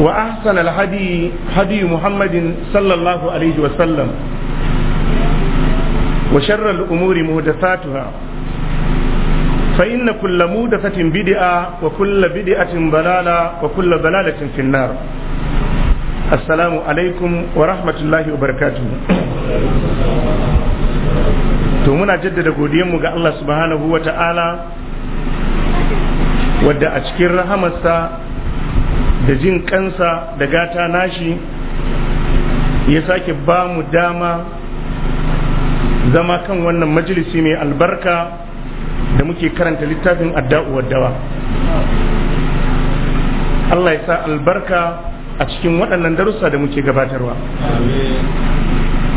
وأحسن الهدي هدي محمد صلى الله عليه وسلم وشر الأمور مهدفاتها فإن كل مودثة بدعة وكل بدعة ضلالة وكل ضلالة في النار السلام عليكم ورحمة الله وبركاته to muna jaddada godiyanmu ga Allah subhanahu wa ta'ala wadda a cikin rahamarsa da jin kansa da gata nashi ya sake ba mu dama zama kan wannan majalisi mai albarka da muke karanta littafin adda'uwar dawa Allah ya sa albarka a cikin waɗannan darussa da muke gabatarwa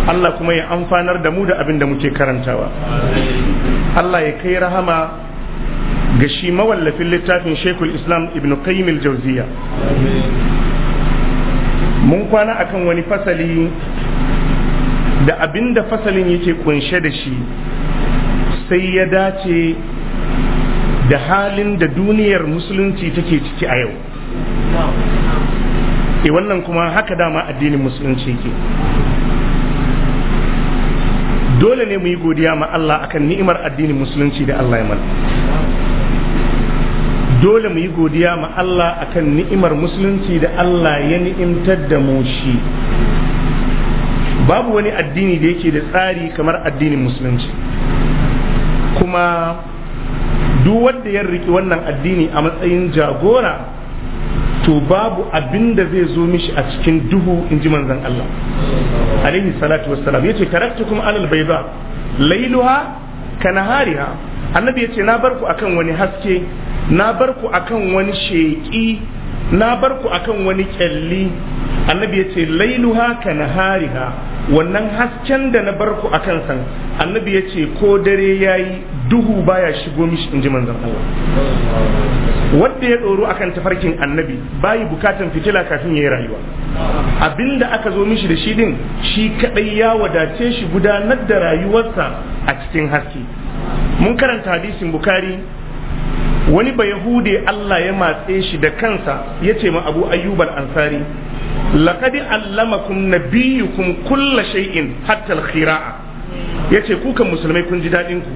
Allah kuma ya amfanar da mu da abin da muke karantawa Allah ya kai rahama ga shi mawallafin littafin shekul islam ibn qayyim al-jawziya mun kwana akan wani fasali da abinda fasalin yake kunshe da shi sai ya dace da halin da duniyar musulunci take ciki a yau e wannan kuma haka dama addinin musulunci ke dole ne mu yi godiya ma Allah akan ni'imar addinin musulunci da Allah ya mana dole mu yi godiya ma Allah akan ni'imar musulunci da Allah ya ni'imtar da mu shi babu wani addini da yake da tsari kamar addinin musulunci kuma duk wanda ya riki wannan addini a matsayin jagora to babu abin da zai zo mishi a cikin duhu in ji manzon Allah alaihi salatu wassalam yace karaktukum alal bayda lailuha kanahariha annabi yace na barku akan wani haske na bar ku akan wani sheƙi na bar ku akan wani kyalli annabi ya ce lailuha ka nahariha wannan hasken da na bar ku akan san annabi ya ce ko dare yayi duhu baya shigo mishi inji manzon Allah wanda ya doro akan tafarkin annabi bayi bukatan fitila kafin ya yi rayuwa abinda aka zo mishi da shi din shi kadai ya wadace shi gudanar da rayuwarsa a cikin haske mun karanta hadisin bukari wani ba yahude Allah ya matse shi da kansa ya ce ma abu ayyubal ansari laqad allamakum nabiyyukum kulla shay'in hatta al-khira'a yace kukan musulmai kun ji dadin ku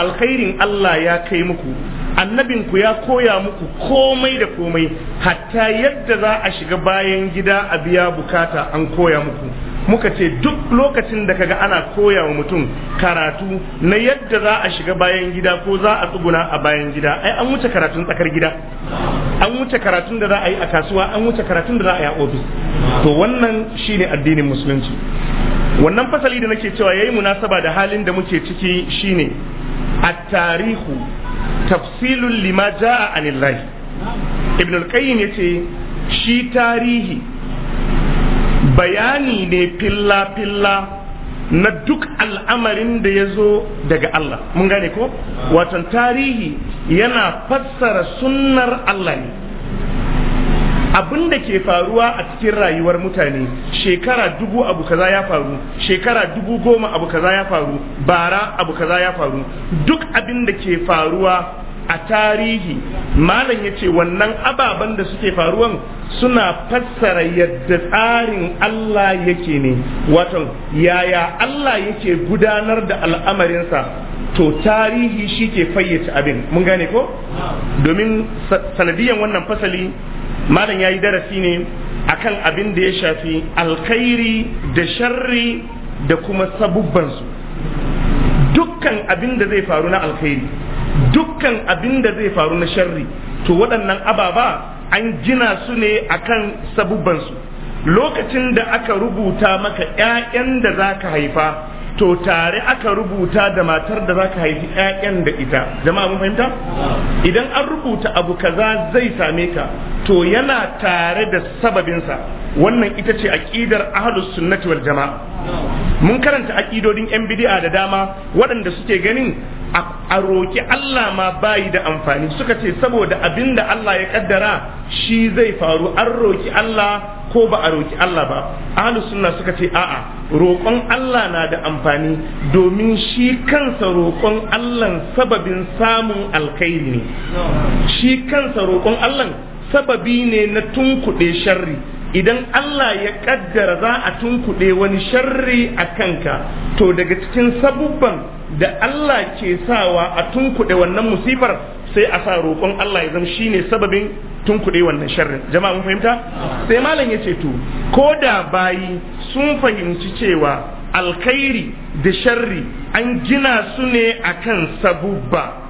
alkhairin Allah ya kai muku annabin ku ya koya muku komai da komai hatta yadda za a shiga bayan gida a biya bukata an koya muku muka ce duk lokacin da kaga ana koya wa mutum karatu na yadda za a shiga bayan gida ko za a tsuguna a bayan gida ai an wuce karatun tsakar gida an wuce karatun da za a yi a kasuwa an wuce karatun da za a yi a ofis to wannan shine addinin musulunci wannan fasali da nake cewa yayi munasaba da halin da muke ciki shine at-tarihu tafsilul lima jaa anillahi ibn al-qayyim yace shi tarihi bayani ne filla-filla na duk al'amarin da ya zo daga Allah mun gane ko watan tarihi yana fassara sunnar Allah ne abin da ke faruwa a cikin rayuwar mutane shekara dubu abu kaza ya faru shekara dubu goma abu kaza ya faru bara abu kaza ya faru duk abin da ke faruwa a tarihi malam ya ce wannan ababen da suke faruwan suna fassara yadda tsarin Allah yake ne wato yaya Allah yake gudanar da al'amarinsa to tarihi shi ke fayyace abin mun gane ko domin sanadiyan wannan fasali malam ya yi darasi ne akan abin da ya shafi alkhairi da sharri da kuma sabubbansu dukkan abin da zai faru na alkhairi dukkan abin da zai faru na sharri to waɗannan ababa an gina su ne akan sabubbansu lokacin da aka rubuta maka 'ya'yan da za ka haifa to tare aka rubuta da matar da za ka haifi 'ya'yan da ita jama'a mun fahimta idan an rubuta abu kaza zai same ka to yana tare da sababinsa wannan ita ce aƙidar ahlus sunnati wal jama'a mun karanta aƙidodin yan bidi'a da dama waɗanda suke ganin a roki Allah ma bayi da amfani suka ce saboda abin da Allah ya kaddara shi zai faru an roki Allah ko ba a roki Allah ba ahlu sunna suka ce a'a roƙon Allah na da amfani domin shi kansa roƙon Allah sababin samun alkhairi ne shi kansa roƙon Allah sababi ne na tunkuɗe sharri idan Allah ya kaddara za a tunkuɗe wani sharri a kanka to daga cikin sabubban da Allah ke sawa a tunkuɗe wannan musibar sai a sa roƙon Allah ya zama shine sababin tunkuɗe wannan sharrin jama'a mun fahimta sai malam ya ce to ko da bayi sun fahimci cewa alkhairi da sharri an gina su ne akan sabubba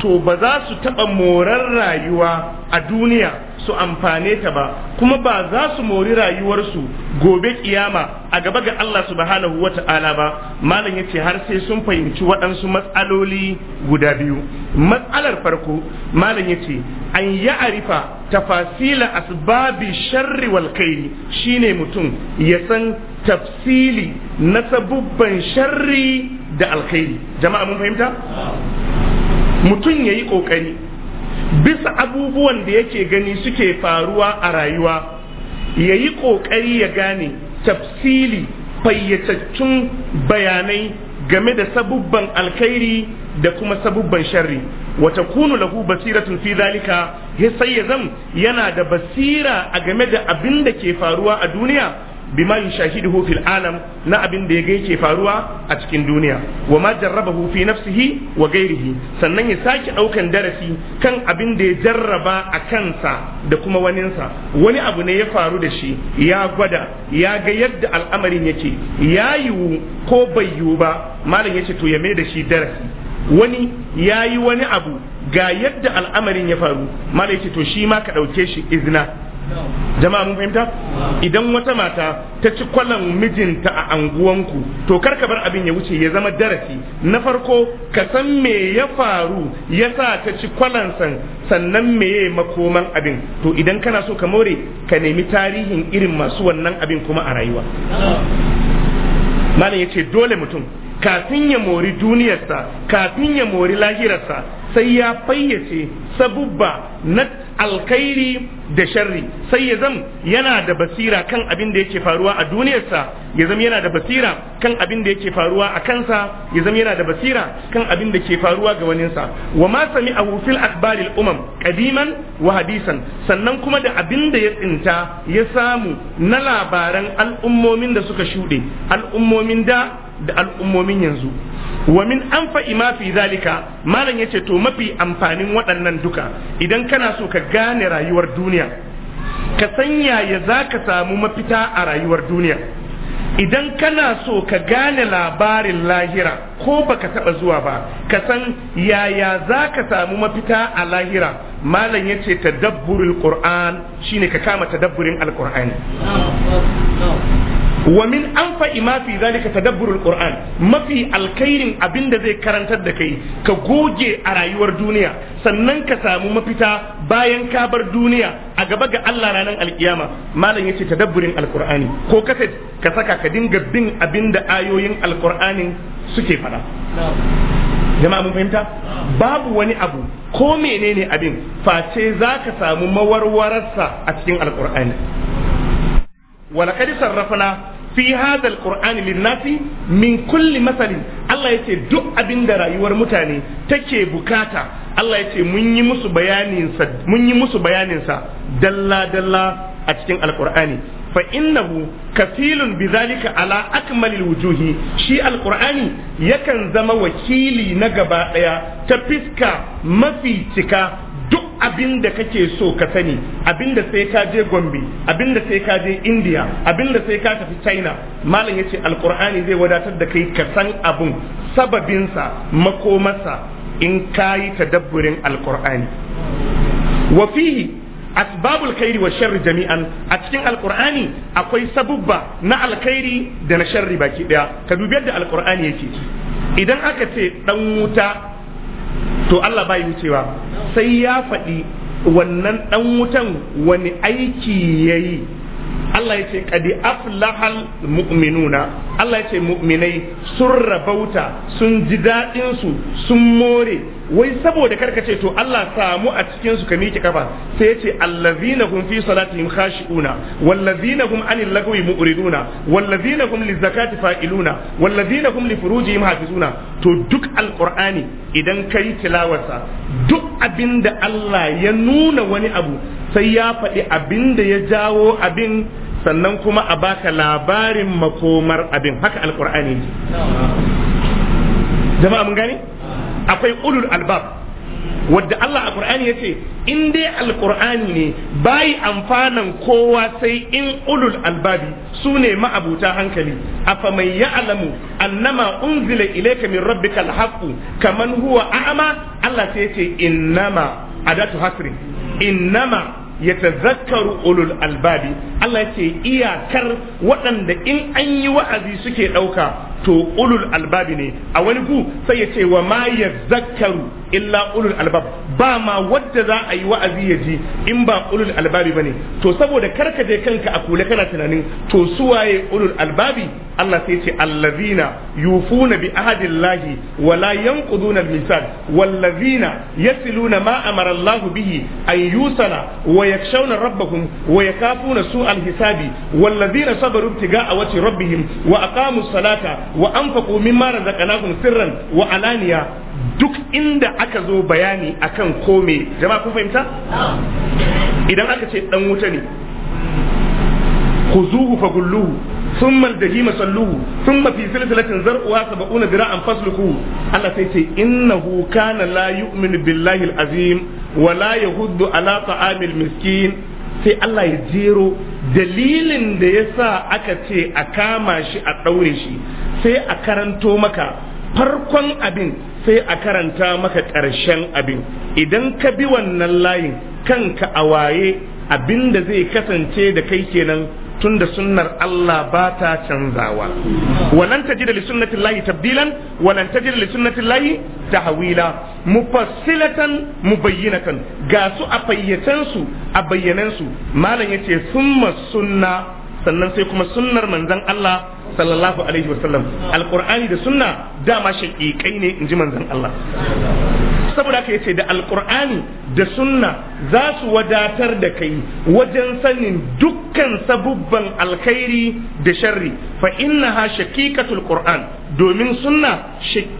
to ba za su taɓa morar rayuwa a duniya su amfane ta ba kuma ba za su mori rayuwarsu gobe kiyama a gaba ga Allah subhanahu wa ta'ala ba malam ya ce har sai sun fahimci waɗansu matsaloli guda biyu matsalar farko malam ya ce an ya arifa tafasila asbabi sharri wal kairi shine mutum ya san tafsili na sabubban sharri da alkhairi jama'a mun fahimta mutum yayi kokari ƙoƙari bisa abubuwan da yake gani suke faruwa a rayuwa ya yi ƙoƙari ya gane tafsili fayyatattun bayanai game da sabubban alkhairi da kuma sabubban sharri wata kunu lahu basiratun fi zalika sai ya zam yana da basira a game da abin da ke faruwa a duniya bima yushahiduhu fil alam na abin da ya ga yake faruwa a cikin duniya wa ma jarrabahu fi nafsihi wa ghairihi sannan ya sake daukan darasi kan abin da ya jarraba a kansa da kuma waninsa wani abu ne ya faru da shi ya gwada ya ga yadda al'amarin yake ya yiwu ko bai yiwu ba malam yace to ya mai da shi darasi wani ya yi wani abu ga yadda al'amarin ya faru malam yace to shi ma ka dauke shi izna jama'a mun fahimta idan wata mata ta ci kwalan mijinta a anguwanku to kar ka bar abin ya wuce ya zama darasi na farko ka san me ya faru ya sa ta ci kwalan san sannan me ya makoman abin to idan kana so ka more ka nemi tarihin irin masu wannan abin kuma a rayuwa malam ya ce dole mutum kafin ya mori duniyarsa kafin ya mori lahirarsa sai ya fayyace sabubba na alkhairi da sharri sai ya zam yana da basira kan abin da yake faruwa a duniyarsa ya zam yana da basira kan abin da yake faruwa a kansa ya zam yana da basira kan abin da ke faruwa ga waninsa wa ma sami a fil akbaril umam kadiman wa hadisan sannan kuma da abin da ya tsinta ya samu na labaran al'ummomin da suka shuɗe al'ummomin da da al'ummomin yanzu wa min anfa'i ma fi zalika malam yace to mafi amfanin waɗannan duka idan kana so ka gane rayuwar duniya duniya ka san yaya za ka samu mafita a rayuwar duniya idan kana so ka gane labarin lahira ko baka taba zuwa ba ka san yaya za ka samu mafita a lahira malam ya ce ta dabburin qur'an shine ka kama ta tadabburin alqur'ani wa min anfa'i ma fi zalika tadabburul qur'an mafi alkhairin abinda zai karantar da kai ka goge a rayuwar duniya sannan ka samu mafita bayan ka bar duniya a gaba ga Allah ranar alkiyama malam yace tadabburin alqur'ani ko kaset ka saka ka dinga bin abinda ayoyin alqur'anin suke fada jama'a mun fahimta babu wani abu ko menene abin face za ka samu mawarwararsa a cikin alkur'ani walakadi sarrafana fi hadal qur'ani linnasi min kulli masalin Allah yace duk abin da rayuwar mutane take bukata Allah yace mun yi musu bayanin sa mun yi musu bayanin sa dalla dalla a cikin alqur'ani fa innahu kafilun bidhalika ala akmalil wujuhi shi alqur'ani yakan zama wakili na gaba daya ta fiska mafi cika abin da kake so ka sani abin da sai ka je gombe abin da sai ka je india abin da sai ka tafi china malam ya ce alkur'ani zai wadatar da kai ka san abin sababinsa makomarsa in ka ta tadabburin alkur'ani Wafihi fihi asbabul khairi wa sharri jami'an a cikin alqur'ani akwai sabubba na alkhairi da na sharri baki daya ka dubi yadda alqur'ani yake idan aka ce dan wuta to Allah bai cewa sai ya faɗi wannan ɗan wutan wani aiki ya yi Allah ya ce kadi aflahal mu'minuna Allah ya ce mu'minai sun rabauta sun ji daɗinsu sun more wai saboda karka ce to Allah samu a cikin su ka miƙe kafa sai yace allazina hum fi salatihim khashi'una wallazina hum anil lagwi mu'riduna wallazina hum lizakati fa'iluna wallazina hum li hafizuna to duk alqur'ani idan kai tilawarsa duk abinda Allah ya nuna wani abu sai ya faɗi abinda ya jawo abin sannan kuma a baka labarin makomar abin haka alqur'ani jama'a mun gane akwai ulul albab wadda Allah a Qur'ani ya ce in dai alqur'ani ne bayi amfanan kowa sai in ulul albabi su ne ma'abuta hankali afa mai ya'lamu annama unzila ilayka min rabbikal haqqu kaman huwa a'ma Allah sai ya ce innama adatu hasri innama yatazakkaru ulul albabi Allah ce iyakar waɗanda in an yi wa'azi suke ɗauka to ulul albabi ne a wani ku sai ya ce wa ma yazakkaru illa ulul albab ba ma wadda za a yi wa'azi ya ji in ba ulul albabi ba ne to saboda karka je kanka a kula kana tunanin to suwaye ulul albabi Allah sai ce allazina yufuna bi ahadillahi wa la yanquduna almisal wallazina yasiluna ma amara Allah bihi an yusala wa yakshawna rabbahum wa yakafuna su'al hisabi wallazina sabaru ibtiga'a wajhi rabbihim wa aqamu salata wa an faƙo min mara da kanakun sirran wa duk inda aka zo bayani akan komai. jama'a kun fahimta idan aka ce ɗan wuta ne ku zuhu fa gulluhu sun maldahi masalluhu sun mafi silsilatin zar'uwa saba una bira an fasluku Allah sai ce innahu kana la yu'min billahi al'azim wa la yahuddu ala ta'amil miskin sai Allah ya jero dalilin da ya sa aka ce a kama shi a ɗaure shi sai a karanto maka farkon abin sai a karanta maka ƙarshen abin idan ka bi wannan layin kanka a waye abin da zai kasance da kai kenan tun da sunnar Allah ba ta canzawa ta ji da sunnati llahi tabdilan walan ta li sunnati tahwila mufassilatan mubayyinatan ga su a fayyacen a bayyanan su malam yace summa sunna sannan sai kuma sunnar manzan Allah sallallahu alaihi wasallam alqur'ani da sunna dama shaqiqai ne inji manzan Allah saboda haka yace da alqur'ani da sunna za su wadatar da kai wajen sanin dukkan sabubban alkhairi da sharri fa innaha shaqiqatul qur'an domin sunna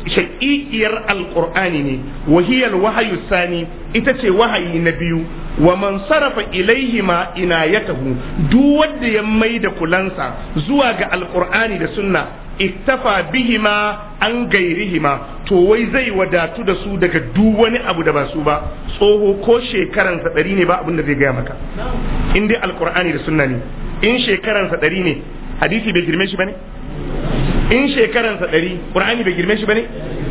shaqiqiyar alqur'ani ne Wahiyar wahayu sani ita ce wahayi na biyu wa man sarafa ina ya inayatahu duk wanda ya mai da kulansa zuwa ga alkur'ani da sunna iktafa bihima an gairihima to wai zai wadatu da su daga duk wani abu da ba su ba tsoho ko shekaransa dari ne ba abin da zai gaya maka in dai alqur'ani da sunna ne in shekaransa dari ne hadisi bai girme shi ba ne in shekaransa ɗari ƙur'ani bai girme shi ba ne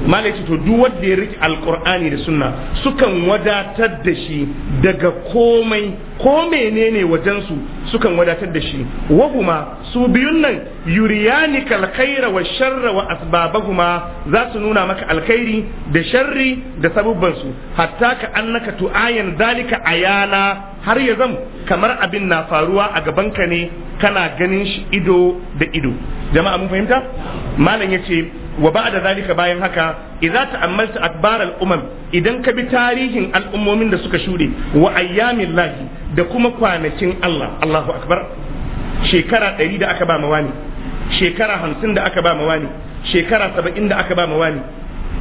malai to duk wanda ya riƙe alƙur'ani da sunna sukan wadatar da shi daga komai ko menene wajensu sukan wadatar da shi wahuma su biyun nan yuriyanika alkhaira wa sharra wa asbabahuma za su nuna maka alkhairi da sharri da sabubban su hatta ka annaka tu'ayan dalika ayana har ya zam kamar abin na faruwa a gaban ka ne kana ganin shi ido da ido jama'a mun fahimta malam yace wa ba'da zalika bayan haka idza ta'ammalta akbar al-umam idan ka bi tarihin al'ummomin da suka shude wa ayyamin lahi da kuma kwanakin Allah Allahu akbar shekara ɗari da aka ba mawa ne shekara hamsin da aka ba mawa wani shekara saba'in da aka ba mawa wani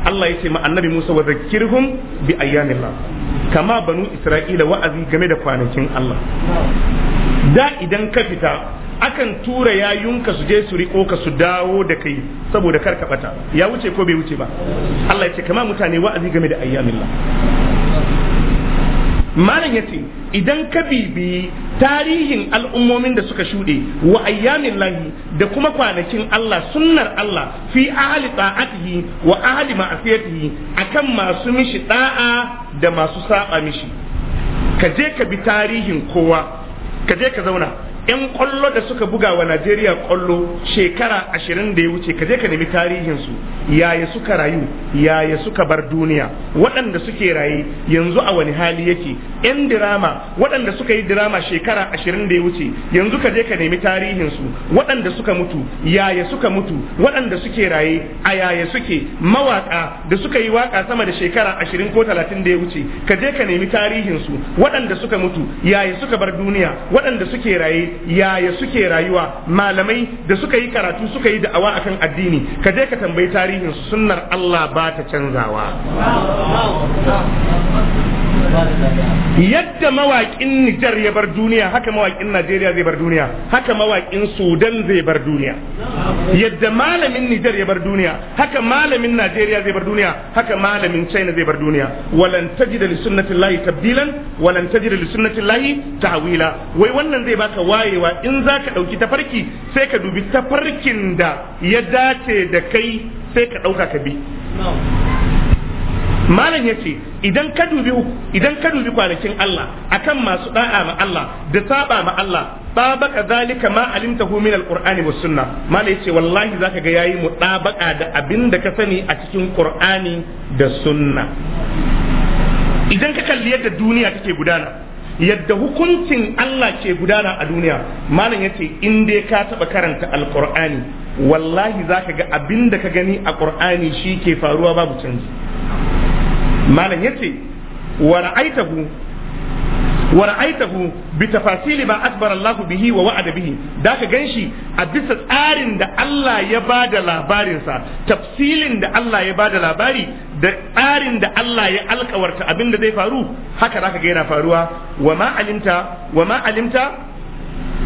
Allah ya ce ma annabi Musa wa zakirhum bi ayyamillah kama banu Isra'ila wa'azi game da kwanakin Allah da idan ka fita akan tura yayunka su je su riko ka su dawo da kai saboda kar ka bata ya wuce ko bai wuce ba Allah ya ce kama mutane wa'azi game da ayyamillah malam ya ce idan ka bibi tarihin al'ummomin da suka shuɗe wa ayyamin lahi da kuma kwanakin Allah sunnar Allah fi ahli ta'atihi wa ahli ma'asiyatihi akan masu mishi da'a da masu saba mishi ka je ka bi tarihin kowa ka je ka zauna 'yan kwallo da suka buga wa Najeriya kwallo shekara ashirin da ya wuce ka je ka nemi tarihinsu yaya suka rayu yaya suka bar duniya waɗanda suke raye yanzu a wani hali yake 'yan dirama waɗanda suka yi dirama shekara ashirin da ya wuce yanzu ka je ka nemi tarihinsu waɗanda suka mutu yaya suka mutu waɗanda suke raye a yaya suke mawaƙa da suka yi waƙa sama da shekara ashirin ko talatin da ya wuce ka je ka nemi tarihinsu waɗanda suka mutu yaya suka bar duniya waɗanda suke raye yaya suke rayuwa malamai da suka yi karatu suka yi da'awa akan addini ka je ka tambayi tarihin sunnar Allah ba ta canzawa yadda mawaƙin Nijar ya bar duniya haka mawaƙin Najeriya zai bar duniya haka mawaƙin Sudan zai bar duniya yadda malamin Nijar ya bar duniya haka malamin Najeriya zai bar duniya haka malamin China zai bar duniya walan tajida li sunnatillahi tabdilan walan tajida li sunnatillahi ta'wila wai wannan zai baka wayewa in zaka dauki tafarki sai ka dubi tafarkin da ya dace da kai sai ka dauka ka bi malam ya ce idan ka dubi idan ka dubi kwanakin Allah akan masu da'a ma Allah da saba ma Allah babaka zalika ma alimtahu min alqur'ani was sunna malam ya ce wallahi zaka ga yayi mu dabaka da abin da ka sani a cikin qur'ani da sunna idan ka kalli yadda duniya take gudana yadda hukuncin Allah ke gudana a duniya malam ya ce in dai ka taba karanta alqur'ani wallahi zaka ga abin da ka gani a qur'ani shi ke faruwa babu canji malam yace wa ra'aitahu wa ra'aitahu bi tafasili ba akbar bihi wa wa'ada bihi da ka ganshi a bisa tsarin da Allah ya bada labarin sa tafsilin da Allah ya bada labari da tsarin da Allah ya alkawarta abin da zai faru haka zaka ga yana faruwa wa ma alimta wa ma alimta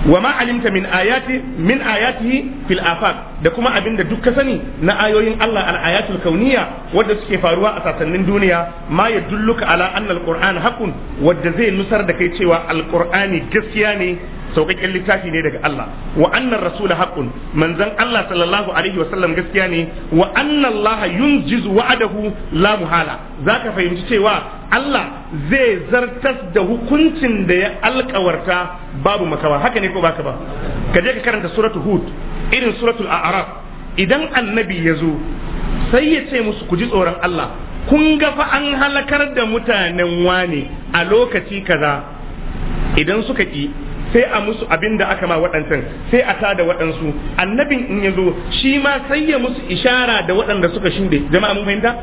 wa ma alimta min ayati min ayatihi fil afaq da kuma abinda duk ka sani na ayoyin Allah al ayatul kauniyya wadda suke faruwa a sasannin duniya ma dulluka ala anna alquran haqqun wadda zai nusar da kai cewa alqur'ani gaskiya ne sauƙaƙƙen littafi ne daga Allah wa annar rasul haqqun manzon Allah sallallahu alaihi wa sallam gaskiya ne wa anna Allah yunjiz wa'adahu la muhala zaka fahimci cewa Allah zai zartas da hukuncin da ya alkawarta babu makawa haka ne ko baka ba ka je ka karanta suratul hud irin suratul a'raf idan annabi ya zo sai ya ce musu ku ji tsoron Allah kun ga fa an halakar da mutanen wane a lokaci kaza idan suka ki sai a musu abin da aka ma waɗancan sai a tada waɗansu annabin in ya zo shi ma sai ya musu ishara da waɗanda suka shuɗe jama'a mun fahimta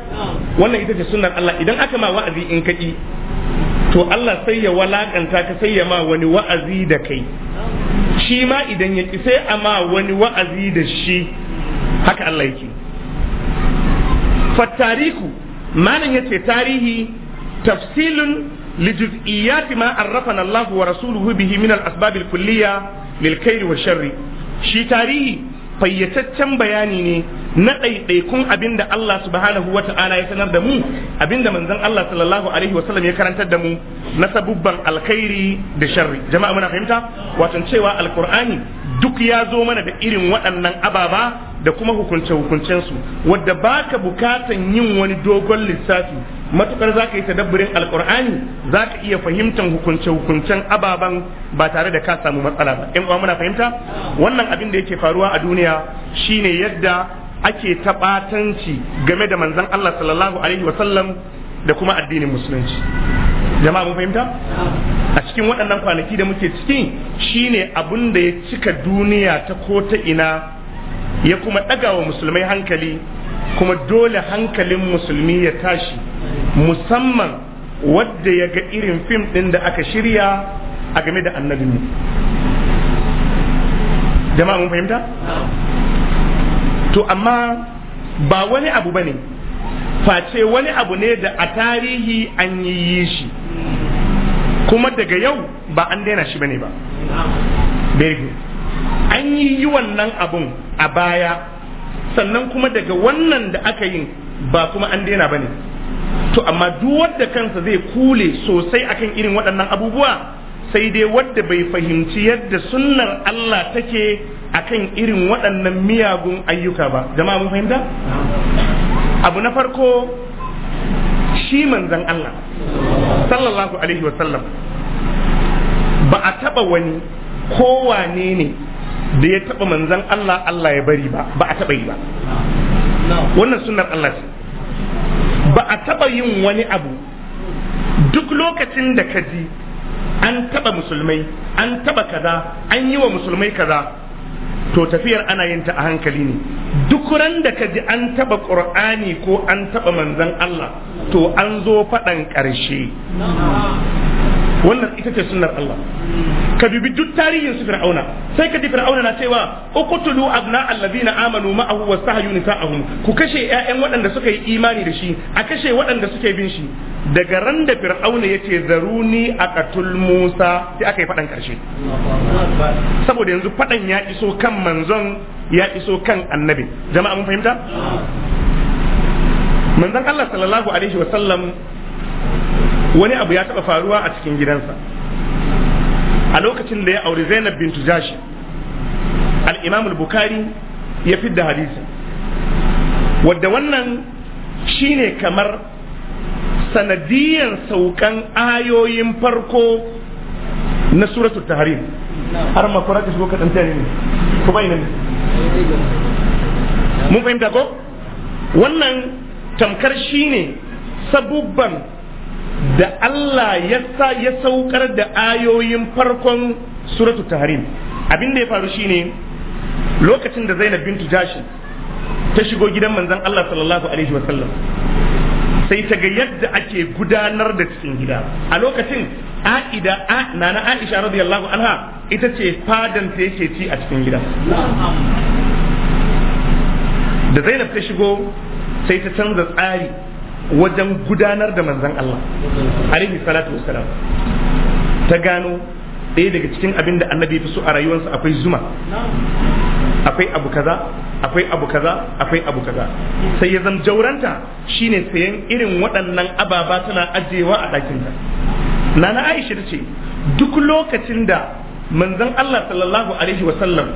wannan ita ce sunnar Allah idan aka ma wa'azi in kaɗi to Allah sai ya walakanta ka sai ya ma wani wa'azi da kai shi ma idan ya ƙi sai a ma wani wa'azi da shi haka Allah yake fattariku malam yace tarihi tafsilun لجزئيات ما عرفنا الله ورسوله به من الأسباب الكلية للخير والشر شي tarihi fayyataccen bayani ne na ɗaiɗaikun abin da Allah subhanahu wa ta'ala ya sanar da mu abin da manzon Allah sallallahu alaihi wa sallam ya karantar da mu na sabubban alkhairi da sharri jama'a muna fahimta wato cewa alkur'ani duk ya zo mana da irin waɗannan ababa da kuma hukunce hukuncensu wadda ba ka bukatan yin wani dogon lissafi matukar ka yi alkur'ani za ka iya fahimtar hukunce hukuncen ababen ba tare da ka samu matsala ba in muna fahimta wannan abin da yake faruwa a duniya shine yadda ake taɓatanci game da manzan Allah sallallahu alaihi wasallam da kuma addinin musulunci jama'a mun fahimta a cikin waɗannan kwanaki da muke ciki shine abin da ya cika duniya ta ko ta ina ya kuma ɗaga wa musulmai hankali kuma dole hankalin musulmi ya tashi musamman wadda ya ga irin fim ɗin da aka shirya a game da annabin mu jama'a mun fahimta to amma ba wani abu ba face wani abu ne da a tarihi an yi shi kuma daga yau ba an daina shi ba ne ba an yi yi wannan abun a baya sannan kuma daga wannan da aka yi ba kuma an daina ba ne to amma duk wadda kansa zai kule sosai akan irin waɗannan abubuwa sai dai wadda bai fahimci yadda sunnar Allah take akan irin waɗannan miyagun ayyuka ba jama'a mun fahimta abu na farko shi manzan Allah sallallahu alaihi wa sallam ba a taɓa wani kowane ne da ya taɓa manzan Allah Allah ya bari ba ba a taɓa yi ba wannan sunnar Allah ce ba a taɓa yin wani abu duk lokacin da ka ji an taɓa musulmai an taɓa kaza an yi wa musulmai kaza to tafiyar ana yin ta a hankali ne duk ran da ka ji an taba qur'ani ko an taba manzon Allah to an zo faɗan ƙarshe wannan ita ce sunnar Allah ka bibi duk tarihin su fir'auna sai ka ji fir'auna na cewa uqtulu abna allazina amanu ma'ahu wastahyu nisa'ahum ku kashe ƴaƴan waɗanda suka yi imani da shi a kashe waɗanda suke bin shi daga ran da fir'auna yace zaruni aqatul musa sai aka yi fadan karshe saboda yanzu fadan ya iso kan manzon ya iso kan annabi jama'a mun fahimta manzon Allah sallallahu alaihi wasallam wani abu ya taɓa faruwa a cikin gidansa a lokacin da ya auri zainab bintu jashi al-imam al-bukhari ya fidda hadisi wadda wannan shine kamar sanadiyan saukan ayoyin farko na suratul tahrim har makwara ka shigo ka dan tare ne ku bai nan mun fahimta ko wannan tamkar shine sabubban da Allah ya sa ya saukar da ayoyin farkon suratu tahrim abin da ya faru shine lokacin da Zainab bintu Jashin ta shigo gidan manzon Allah sallallahu alaihi wa sallam sai ta ga yadda ake gudanar da cikin gida a lokacin a'ida a nana Aisha radiyallahu anha ita ce fadan ta yake ci a cikin gida da Zainab ta shigo sai ta canza tsari wajen gudanar da manzan Allah alaihi salatu wassalam ta gano ɗaya daga cikin abin da annabi ya fi so a rayuwarsa akwai zuma akwai abu kaza akwai abu kaza akwai abu kaza sai ya zama jauranta shine sayan irin waɗannan ababa tana ajiyewa a ɗakinta nana aisha ta ce duk lokacin da manzan allah sallallahu alaihi wasallam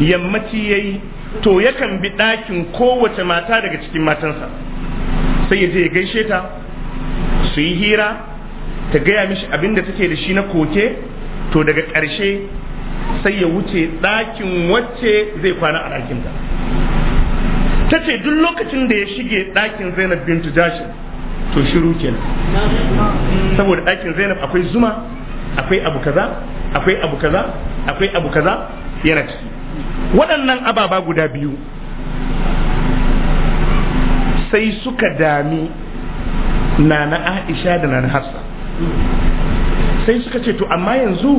yammaci ya yi to yakan bi ɗakin kowace mata daga cikin matansa sai ya je ya gaishe ta su yi hira ta gaya mishi abin da take da shi na koke to daga ƙarshe sai ya wuce ɗakin wacce zai kwana a ɗakinta ta ce duk lokacin da ya shige ɗakin zainab bintu jashin to shiru kenan saboda ɗakin zainab akwai zuma akwai abu kaza akwai abu kaza akwai abu kaza yana ciki waɗannan ababa guda biyu sai suka dami nana aisha da nana hafsa sai suka ce to amma yanzu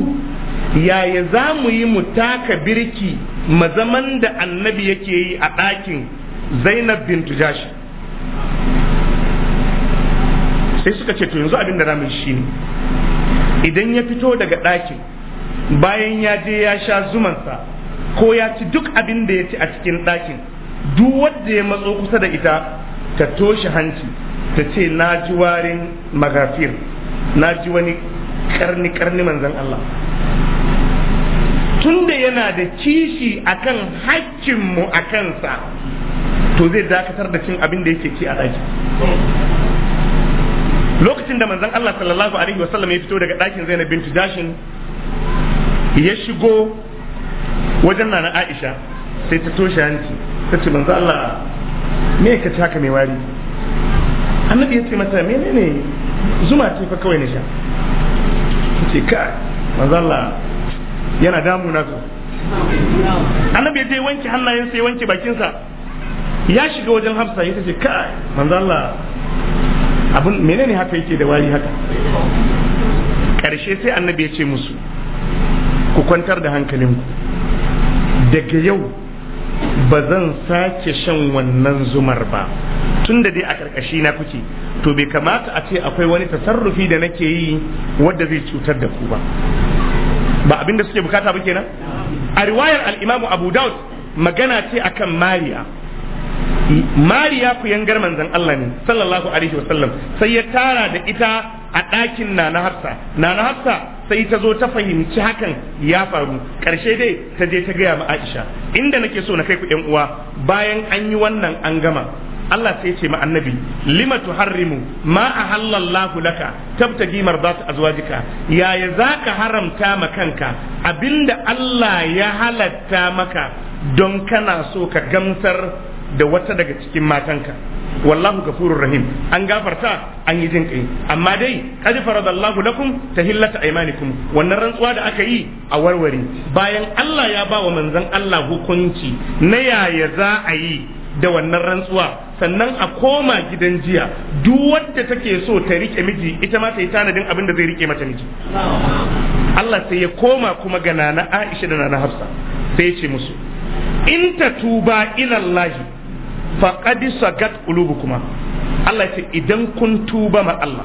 yaya za mu yi mu taka birki mazaman da annabi yake yi a ɗakin zainab bin Tujashi. sai suka ce to yanzu abin da ramin shi ne idan ya fito daga ɗakin bayan ya je ya sha zumansa ko ya ci duk abin da ya ci a cikin ɗakin duk wanda ya matso kusa da ita ta toshe hanci ta ce na ji warin magafir na ji wani karni karni manzan Allah tunda yana da kishi akan hakkinmu a kansa to zai dakatar da cin abin da yake ci a ɗaki lokacin da manzan Allah sallallahu alaihi wasallam ya fito daga ɗakin Zainab bintu Jashin ya shigo wajen nana Aisha sai ta toshe hanci ta ce manzan Allah me ka taka haka mai wari annabi ya ce mata menene zuma ce fa kawai na sha ta ce ka manzalla yana damu na su annabi ya je wanke hannayensa ya wanke bakinsa ya shiga wajen hafsa ya ce ka manzalla abin menene haka yake da wari haka karshe sai annabi ya ce musu ku kwantar da hankalinku daga yau ba zan sake shan wannan zumar ba tun da dai a karkashi na kuke to bai kamata a ce akwai wani tasarrufi da nake yi wadda zai cutar da ku ba ba abin da suke bukata ba kenan a riwayar al-imamu abu daud magana ce akan mariya mariya ku yangar manzon Allah ne sallallahu alaihi wasallam sai ya tara da ita a ɗakin nana hafsa nana hafsa sai ta zo ta fahimci hakan ya faru ƙarshe dai ta je ta gaya ma aisha inda nake so na kai ku yan uwa bayan an yi wannan an gama Allah sai ce ma annabi lima tuharrimu ma ahallallahu laka tabtagi mardat azwajika yaya zaka haramta ma kanka abinda Allah ya halatta maka don kana so ka gamsar da wata daga cikin matanka wallahu gafurur rahim an gafarta an yi jin kai amma dai qad faradallahu lakum tahillata aymanikum wannan rantsuwa da aka yi a warware bayan Allah ya ba wa manzon Allah hukunci na yaya za a yi da wannan rantsuwa sannan a koma gidan jiya duk wanda take so ta rike miji ita ma ta yi tanadin abin da zai rike mata miji Allah sai ya koma kuma ga nana Aisha da nana Hafsa sai ya ce musu in ta tuba Allah faƙadi sagat kuma. Allah ya ce idan kun tuba ma Allah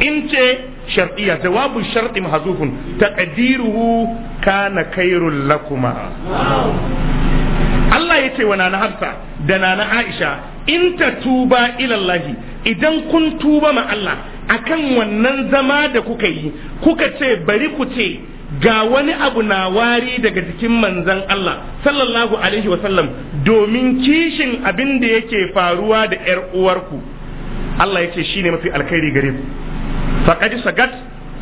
in ce shar'iyya jawabu shar'i mahzufun taqdiruhu kana khairul lakuma Allah ya ce wa nana Hafsa da nana Aisha in ta tuba ilallahi idan kun tuba ma Allah akan wannan zama da kuka yi kuka ce bari ku ce ga wani abu na wari daga jikin manzan Allah sallallahu alaihi wasallam domin kishin abin da yake faruwa da ‘yar uwarku Allah yake shi ne mafi alkhairi gare ku faƙaji sagat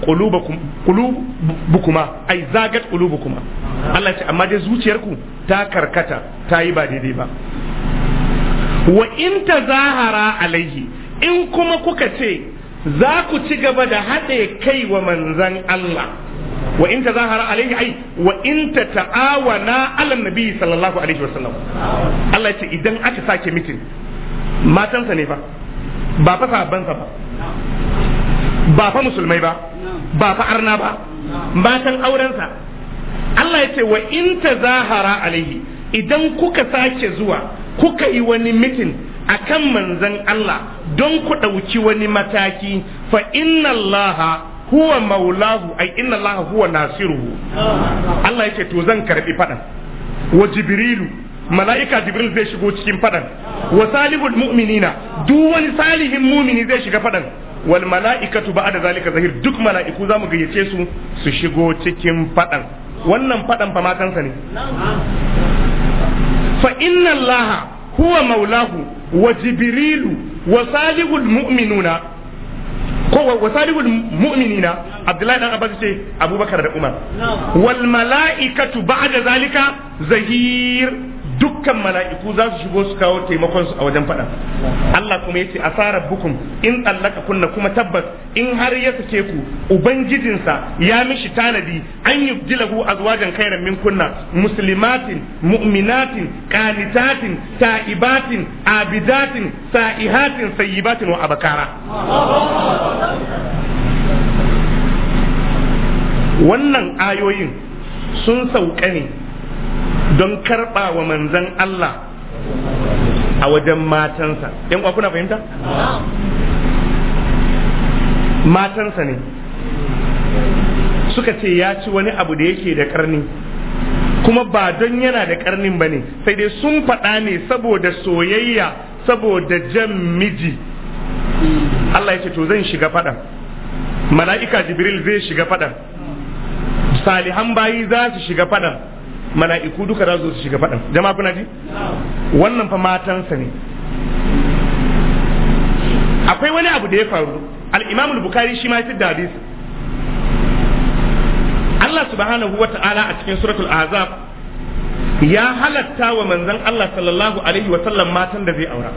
ƙulubukuma ai zagat ƙulubukuma Allah ce amma dai zuciyarku ta karkata ta yi ba daidai ba wa in ta zahara alaihi in kuma kuka ce za ku ci gaba da haɗe kai wa manzan Allah wa in zahara alaihi ai wa in ta'awana ala nabi sallallahu alaihi wa sallam. Allah ya ce idan aka sake mitin matansa ne fa ba fa sabansa ba ba fa musulmai ba ba fa arna ba matan aurensa Allah ya ce wa in zahara alaihi idan kuka sake zuwa kuka yi wani mitin akan manzon Allah don ku ɗauki wani mataki fa inna Allah huwa maulahu ai inna allaha huwa nasiruhu Allah yace to zan karbi fadan wa jibrilu mala'ika jibril zai shigo cikin fadan wa salihul mu'minina duk wani salihin mu'mini zai shiga fadan wal mala'ikatu ba'da zalika zahir duk mala'iku zamu gayyace su su shigo cikin fadan wannan fadan fa matansa ne fa inna allaha huwa maulahu wa jibrilu wa salihul mu'minuna ko wa salihul mu'minina abdullahi dan abbas ce abubakar da umar wal mala'ikatu ba'da zalika zahir dukkan mala'iku za su shigo su kawo taimakon su a wajen faɗa Allah kuma yace asarar bukum in tsallaka kunna kuma tabbas in har ya sake ku ubangijinsa ya mishi tanadi an yubdilahu azwajan khairan min kunna muslimatin mu'minatin qanitatin ta'ibatin abidatin sa'ihatin sayyibatin wa abakara wannan ayoyin sun sauka ne don karɓa wa manzan Allah a wajen matansa yan kwa kuna fahimta matansa ne suka ce ya ci wani abu da yake da karni kuma ba don yana da karnin ba ne sai dai sun faɗa ne saboda soyayya saboda jan miji Allah ya ce to zan shiga faɗan mala'ika jibril zai shiga faɗan salihan bayi za su shiga faɗan mala'iku duka za su shiga faɗan jama'a kuna ji wannan fa matansa ne akwai wani abu da ya faru al-imam al-bukhari shi ma ya da hadisi Allah subhanahu wa a cikin suratul azab ya halatta wa manzon Allah sallallahu alaihi wa sallam matan da zai aura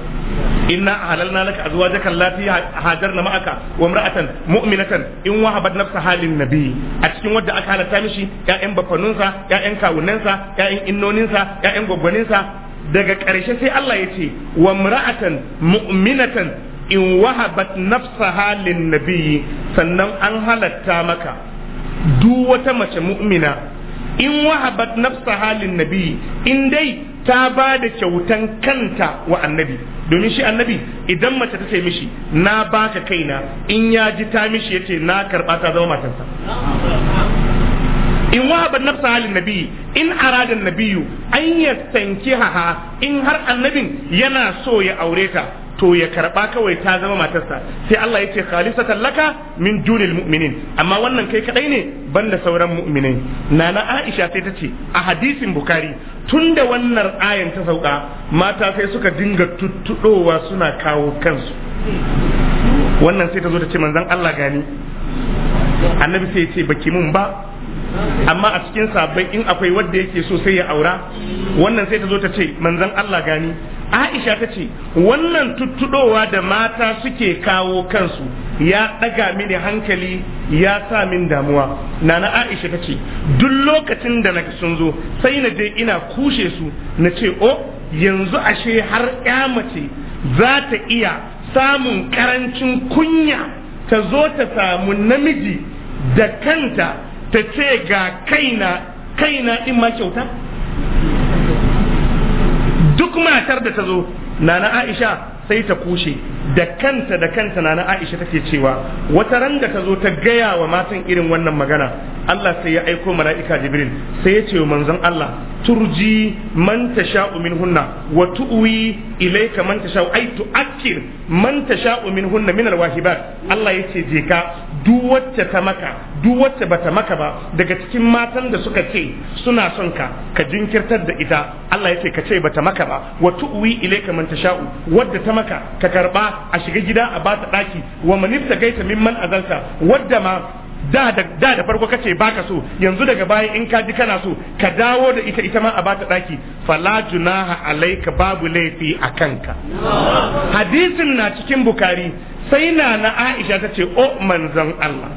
inna ahalalna laka azwajaka allati hajarna ma'aka wa imra'atan mu'minatan in wahabat nafsa halin nabi a cikin wadda aka halatta mishi ƴaƴan bafanunsa ƴaƴan kawunansa ƴaƴan innoninsa ƴaƴan gwaggwaninsa daga karshe sai Allah ya ce wa imra'atan mu'minatan in wahabat nafsa halin nabi sannan an halatta maka duk wata mace mu'mina in wahabat nafsa halin nabi in dai ta ba da kyautan kanta wa annabi domin shi annabi idan mace ta ce mishi na baka kaina in ya ji ta mishi yace na karba ta zama matarsa in wahabat nafsa halin nabi in arada nabiyu an yastankiha in har annabin yana so ya aure ta to ya karba kawai ta zama matarsa sai Allah ya ce khalisatan laka min dunil mu'minin amma wannan kai kadai ne banda sauran mu'minai nana Aisha sai ta ce a hadisin Bukhari tunda wannan ayan ta sauka mata sai suka dinga tuttudowa suna kawo kansu wannan sai ta zo ta ce manzon Allah gani annabi sai ya baki mun ba amma a cikin sabai in akwai wanda yake so sai ya aura wannan sai ta zo ta ce manzon Allah gani Aisha ta ce wannan tuttudowa da mata suke kawo kansu ya ɗaga mini hankali ya sa min damuwa nana Aisha ta ce duk lokacin da na sun zo sai na je ina kushe su na ce o oh, yanzu ashe har ya mace za ta iya samun karancin kunya ta zo ta samu namiji da kanta ta ce ga kaina kaina in ma kyauta duk matar da ta zo nana aisha sai ta kushe da kanta da kanta nana aisha take cewa wata ran da ta zo ta gaya wa matan irin wannan magana Allah sai ya aiko mala'ika jibril sai ya ce wa manzon Allah turji man tasha'u minhunna wa tu'wi Ilaika man tasha ay tu'akkir man tasha minhunna min alwahibat Allah yace je ka duk wacce ta maka duk wacce bata maka ba daga cikin matan da suka ce suna son ka ka jinkirtar da ita Allah yace ka ce bata maka ba wa tu'wi ilaika man tasha'u wadda ta maka ka karba a shiga gida a bata daki wa man gaita mimman azalta wadda ma da da da farko kace baka so yanzu daga baya in ka ji kana so ka dawo da ita ita ma a bata daki fala junaha alayka babu laifi a kanka hadisin na cikin bukari sai na na aisha ta ce o manzon Allah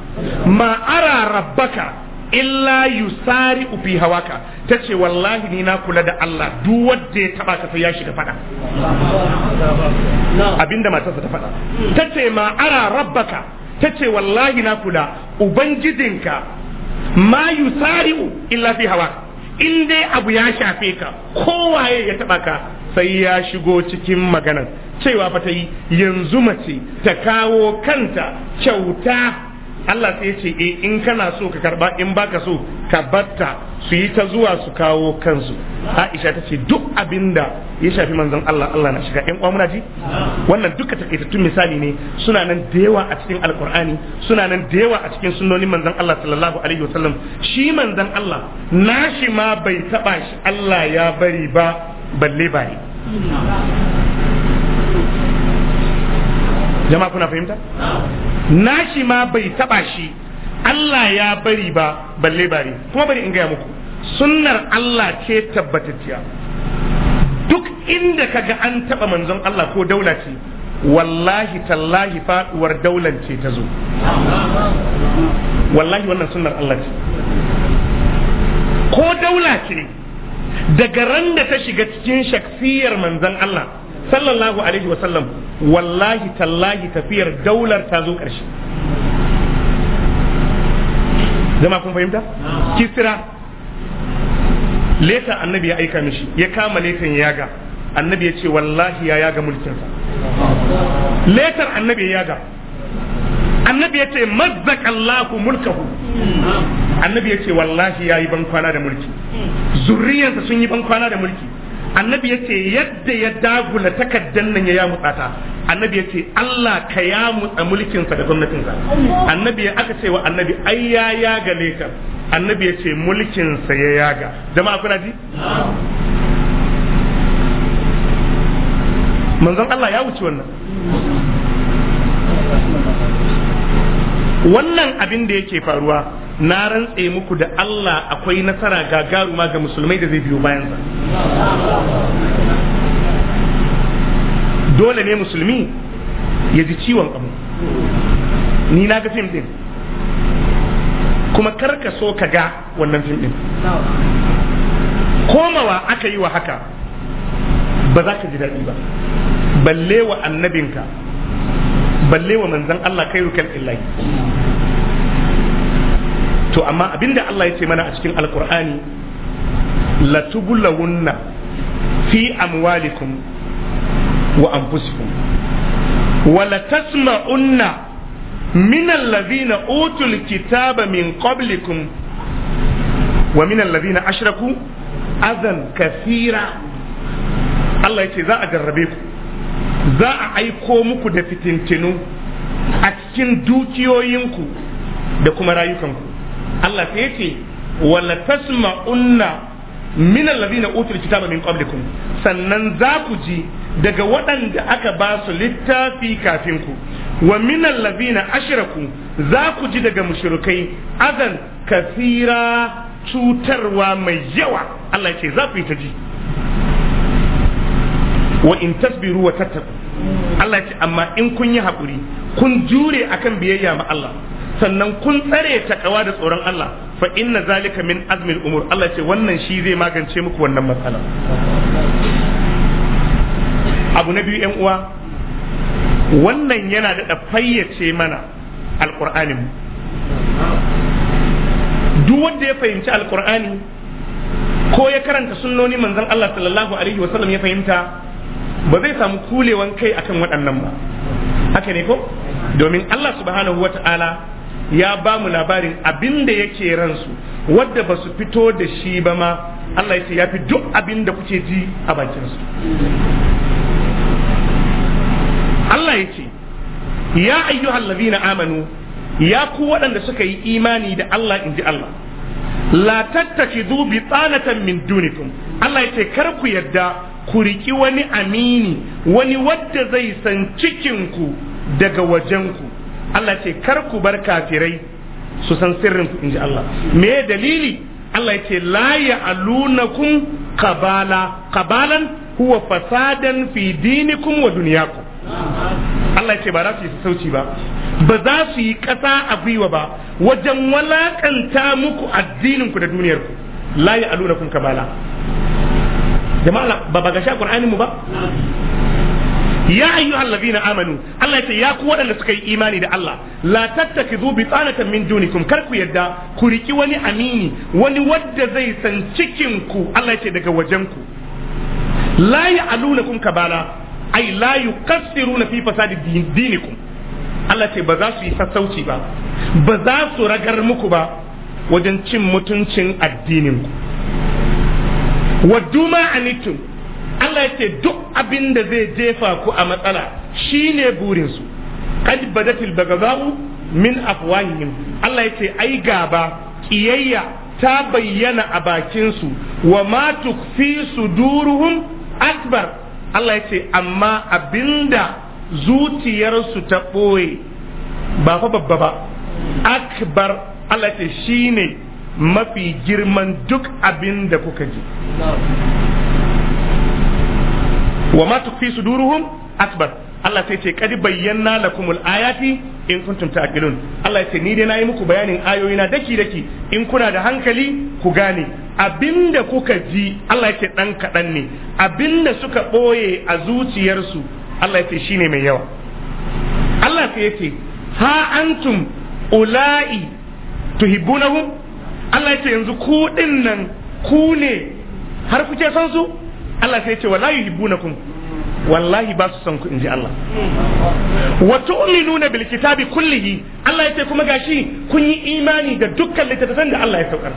ma ara rabbaka illa yusari fi hawaka ta ce wallahi ni na kula da Allah duk wanda ya taba ka sai ya shiga fada abinda matarsa ta fada ta ce ma ara rabbaka ta ce wallahi na kula ubangijinka ma tsari illa fi hawa in dai abu ya shafe ka kowaye ya taba ka sai ya shigo cikin maganan cewa fa yi yanzu mace ta kawo kanta kyauta Allah sai ce e in kana so ka karba in baka so ka batta su yi ta zuwa su kawo kansu Aisha ta ce duk abinda ya shafi manzon Allah Allah na shiga ƴan muna ji wannan duka takaitattun misali ne suna nan da yawa a cikin alkur'ani suna nan da yawa a cikin sunnonin manzon Allah sallallahu alaihi wasallam shi manzon Allah nashi ma bai taba shi Allah ya bari ba balle bare jama'a kuna fahimta nashi ma bai taba shi Allah ya bari ba balle bari kuma bari in gaya muku sunnar Allah ce tabbatacciya duk inda kaga an taba manzon Allah ko daula ce wallahi tallahi faduwar daular ce ta zo wallahi wannan sunnar Allah ce ko daula ce daga ran da ta shiga cikin shakfiyar manzon Allah sallallahu alaihi wa sallam wallahi tallahi tafiyar daular ta zo karshe zama kun fahimta kisra leta annabi ya aika mishi ya kama letan ya annabi ya ce wallahi ya yaga mulkinsa letar annabi ya yaga annabi ya ce mazzakallahu mulkahu annabi ya ce wallahi ya yi bankwana da mulki zurriyansa sun yi bankwana da mulki annabi ya ce yadda ya dagula takaddan nan ya ya ta annabi ya ce Allah ka yamutsa mulkinsa da gwamnatinsa annabi ya aka ce wa annabi ai ya yaga lekan annabi ya ce mulkinsa ya yaga jama'a kuna ji manzon Allah ya wuce wannan wannan abin da yake faruwa na rantse muku da Allah akwai nasara gagaruma ga musulmai da zai biyo bayansa dole ne musulmi ya ji ciwon abu ni na ga fim din kuma karka so ka ga wannan fim din komawa aka yi wa haka ba za ka ji daɗi ba balle wa annabinka balle wa manzan Allah kai rukan illahi to amma abinda Allah ya ce mana a cikin alkur'ani latubulawunna fi amwalikum wa anfusikum wa latasma'unna ashraku azan kathira Allah ce za jarrabe ku za a aiko muku da fitintinu a cikin dukiyoyinku da kuma rayukanku Allah sai ce wala tasma'unna min alladhina utul kitaba min qablikum sannan za ku ji daga waɗanda aka ba su littafi kafin ku wa min alladhina ashraku za ku ji daga mushrikai azan kasira cutarwa mai yawa Allah ya ce za ku ta ji wa in tasbiru wa tattaku Allah ya ce amma in kun yi haƙuri kun jure akan biyayya ma Allah sannan kun tsare takawa da tsoron Allah fa inna zalika min azmil umur Allah ce wannan shi zai magance muku wannan matsala abu na biyu yan uwa wannan yana da fayyace mana alqur'anin duk wanda ya fahimci alkur'ani ko ya karanta sunnoni manzon Allah sallallahu alaihi wasallam ya fahimta ba zai samu kulewan kai akan waɗannan ba haka ne ko domin Allah subhanahu wa ta'ala ya ba mu labarin abin da yake ransu wadda ba su fito da shi ba ma Allah ya ce ya fi duk abin da kuke ji a bakinsu Allah ya ce ya ayyuhal na amanu ya ku waɗanda suka yi imani da Allah inji Allah la tattakidu bi tsanatan min dunikum Allah ya ce kar ku yarda ku riƙi wani amini wani wadda zai san cikinku daga wajenku Allah ce kar ku bar kafirai su san sirrin ku inji Allah me dalili Allah ce la ya'lunakum qabala qabalan huwa fasadan fi dinikum wa dunyakum Allah ce ba za su yi sauci ba ba za su yi ƙasa a gwiwa ba wajen walakanta muku addininku da ku, la ya'lunakum qabala jama'a ba ba ga sha qur'anin mu ba ya ayyuhal na amanu Allah ya ce ya ku waɗanda suka yi imani da Allah la tattakizu bi tsanatan min dunikum kar ku yadda ku riki wani amini wani wadda zai san cikin ku Allah ya ce daga wajen ku la ya'lunakum kabala ay la yukaffiruna fi fasadi dinikum Allah ce ba za su yi sassauci ba ba za su ragar muku ba wajen cin mutuncin addinin ku waddu ma Allah ya ce duk abin da zai jefa ku a matsala shine burinsu kad badatil zau min afwahihim Allah ya ce ai gaba kiyayya ta bayyana a bakinsu wa ma tukfi suduruhum akbar Allah ya ce amma abinda zuciyarsu ta ɓoye ba fa babba ba akbar Allah ya shine mafi girman duk abin da kuka ji wa ma tukfi suduruhum akbar Allah sai ce kad bayyana lakumul ayati in kuntum ta'qilun Allah ya ce ni dai nayi muku bayanin ayoyi na daki daki in kuna da hankali ku gane abinda kuka ji Allah ya ce dan kadan ne abinda suka boye a zuciyarsu Allah ya ce shine mai yawa Allah sai ya ce ha antum ula'i tuhibbunahum Allah ya ce yanzu ku dinnan nan ku ne har kuke san su Allah sai ce wala yuhibbunakum wallahi ba su son ku inji Allah wa tu'minuna bil kitabi kullihi Allah yace kuma gashi kun yi imani da dukkan littattafan da Allah ya saukar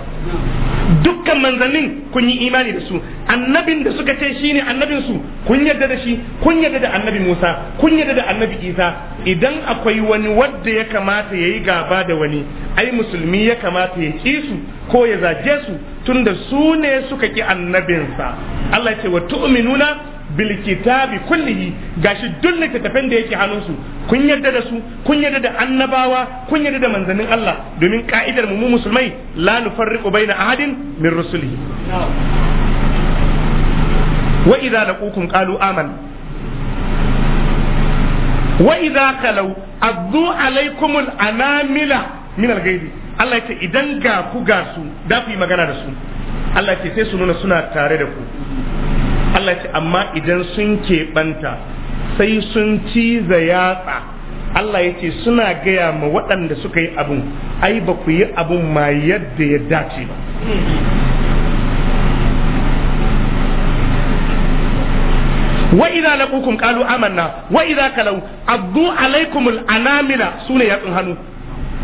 dukkan manzannin kun yi imani da su annabin da suka ce shine annabin su kun yarda da shi kun yarda da annabi Musa kun yarda da annabi Isa idan akwai wani wanda ya kamata yayi gaba da wani ai musulmi ya kamata ya ki su ko ya zage su tunda su ne suka ki annabinsa Allah ya ce wa tu'minuna bil kitabi kullihi gashi duk littattafan da yake hannunsu kun yarda da su kun yarda da annabawa kun yarda da manzannin Allah domin ka'idar mu mu musulmai la nufarriqu baina ahadin min rusulihi wa idza laqukum qalu amanna wa idza khalu addu alaykum al anamila min al ghaibi Allah ya idan ga ku ga su da ku yi magana da su Allah ya sai su nuna suna tare da ku Allah ce amma idan sun keɓanta sai sun ciza yatsa Allah ya ce suna gaya ma waɗanda suka yi abun ai ba ku yi abun ma yadda ya dace ba wa idza laqukum qalu amanna wa idza kalau addu alaikumul anamila sune yatsun hannu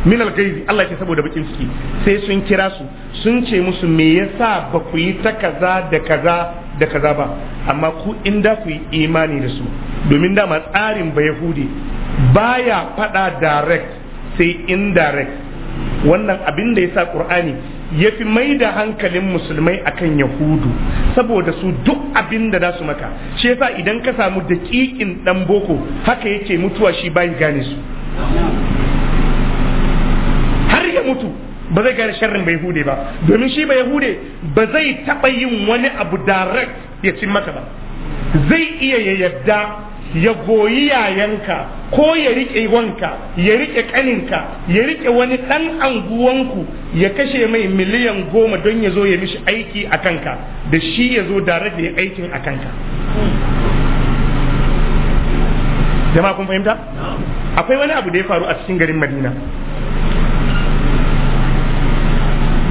min al-ghaizi Allah yake saboda bakin ciki sai sun kira su sun ce musu me yasa ba ku yi ta kaza da kaza da kaza ba amma ku in da ku yi imani da su domin dama tsarin ba yahudi baya fada direct sai indirect wannan abin da yasa qur'ani ya fi mai da hankalin musulmai akan yahudu saboda su duk abin da za su maka shi yasa idan ka samu daƙiƙin dan boko haka yake mutuwa shi bai gane su mutu ba zai gane sharrin bai hude ba domin shi bai hude ba zai taɓa yin wani abu direct ya cin maka ba zai iya ya yadda ya goyi yayanka ko ya rike wanka ya riƙe ƙaninka ya rike wani ɗan anguwanku ya kashe mai miliyan goma don ya zo ya mishi aiki a kanka da shi ya zo da ya aikin a kanka jama'a kun fahimta akwai wani abu da ya faru a cikin garin madina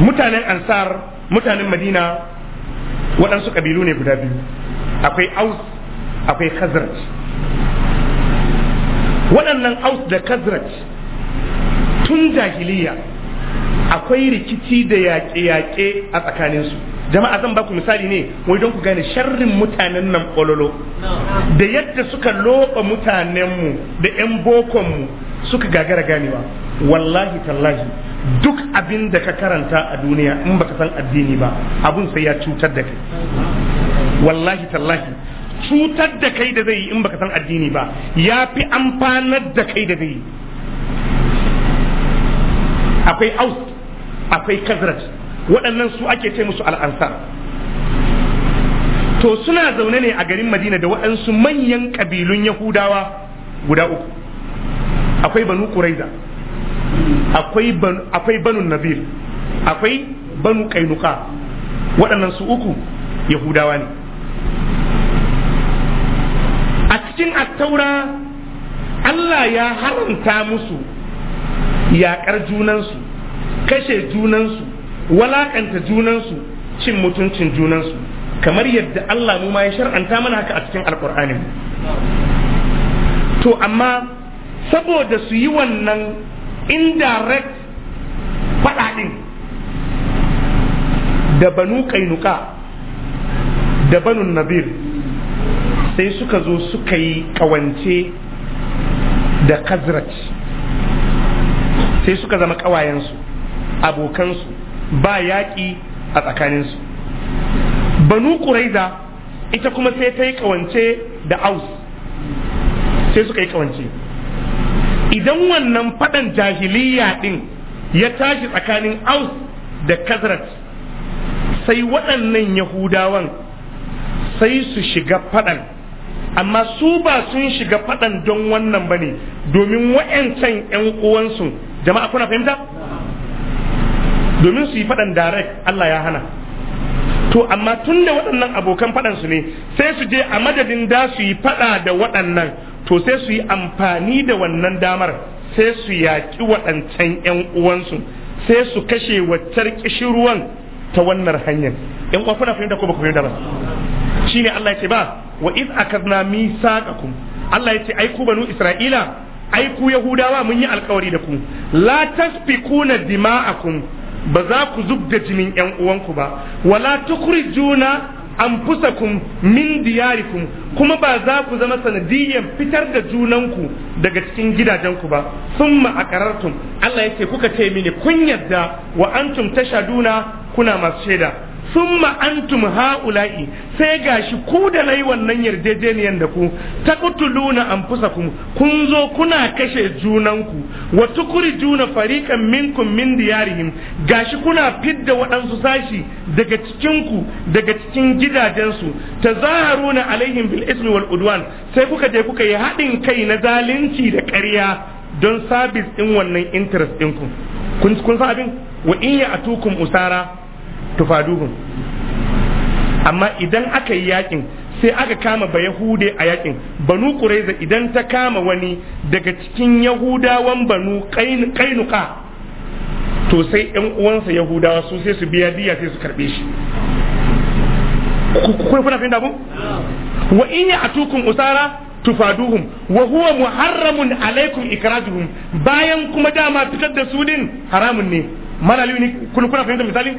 mutanen ansar mutanen madina waɗansu ƙabilu ne guda biyu akwai aus akwai khazraj waɗannan aus da khazraj tun jahiliya akwai rikici da yaƙe-yaƙe a tsakaninsu jama'a zan baku misali ne wai don ku gane sharrin mutanen nan kololo da yadda suka loɓa mutanenmu da 'yan bokonmu suka gagara ganewa wallahi tallahi duk abin da ka karanta a duniya in baka san addini ba abun sai ya cutar da kai wallahi tallahi cutar da kai da zai yi in baka san addini ba ya fi amfanar da kai da zai yi akwai aus akwai kazrat waɗannan su ake ce musu al'ansar to suna zaune ne a garin madina da waɗansu manyan ƙabilun yahudawa guda uku akwai banu kuraiza akwai banu Nabil, banu akwai banu kainuka waɗannan su uku yahudawa ne a cikin attaura Allah ya haramta musu yaƙar junansu kashe junansu walakanta junansu cin mutuncin junansu kamar yadda Allah mu ma ya shar'anta mana haka a cikin alƙur'anin to amma saboda su yi wannan indirect faɗaɗin da banu kainuka da banu nabir sai suka zo suka yi kawance da kazrat sai suka zama kawayensu abokansu ba yaƙi a tsakaninsu banu ƙuraiza ita kuma sai ta yi kawance da aus sai suka yi kawance idan wannan faɗan jahiliya ɗin ya tashi tsakanin aus da kazrat sai waɗannan yahudawan sai su shiga faɗan amma su ba sun shiga faɗan don wannan ba ne domin wa'yancan 'yan uwansu jama'a kuna fahimta domin su yi faɗan direct Allah ya hana to amma tun da waɗannan abokan faɗansu ne sai su je a madadin da su yi faɗa da waɗannan to sai su yi amfani da wannan damar sai su yaƙi waɗancan 'yan uwansu sai su kashe waccar ƙishiruwan ta wannan hanyar in uwa kuna fahimta ko ba ku fahimta ba shine Allah ya ce ba wa iz akadna misaqakum Allah ya ce ai ku banu Isra'ila ai ku Yahudawa mun yi alkawari da ku la tasfikuna dima'akum ba za ku zubda jinin ƴan uwanku ba wala tukrijuna anfusakum min diyarikum kuma ba za ku zama sanadiyyan fitar da junanku daga cikin gidajenku ba summa aqarartum Allah yake kuka ce mini kun yadda wa antum tashaduna kuna masu shaida summa antum haula'i sai gashi ku da nayi wannan yarjejeniyar da ku ta kutuluna anfusakum kun zo kuna kashe junanku wa juna fariqan minkum min diyarihim gashi kuna fidda waɗansu sashi daga cikinku, daga cikin gidajensu tazaharuna alaihim bil ismi wal udwan sai kuka je kuka yi haɗin kai na zalunci da ƙarya don sabis din wannan interest ɗinku kun san abin wa in ya atukum usara tufaduhun amma idan aka yi yakin sai aka kama ba yahude a yakin banu quraiza idan ta kama wani daga cikin yahudawan banu kainuka to sai yan uwansa yahudawa su sai su biya diya sai su karbe shi kuna fahimta abun wa in ya atukum usara tufaduhum wa huwa muharramun alaikum ikrajuhum bayan kuma dama fitar da su din haramun ne mana liyu ne kun kuna fahimtar misali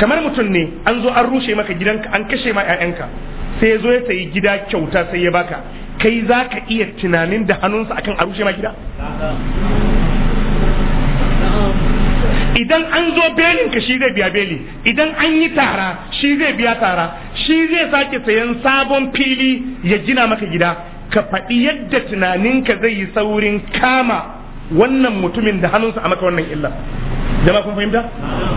kamar mutum ne an zo an rushe maka gidanka an kashe ma 'ya'yanka sai ya zo ya sayi gida kyauta sai ya baka kai za ka iya tunanin da hannunsa akan a rushe ma gida idan an zo belin ka shi zai biya beli idan an yi tara shi zai biya tara shi zai sake sayan sabon fili ya gina maka gida ka faɗi yadda tunaninka zai yi saurin kama wannan mutumin da hannunsa a maka wannan illa jama'a kun fahimta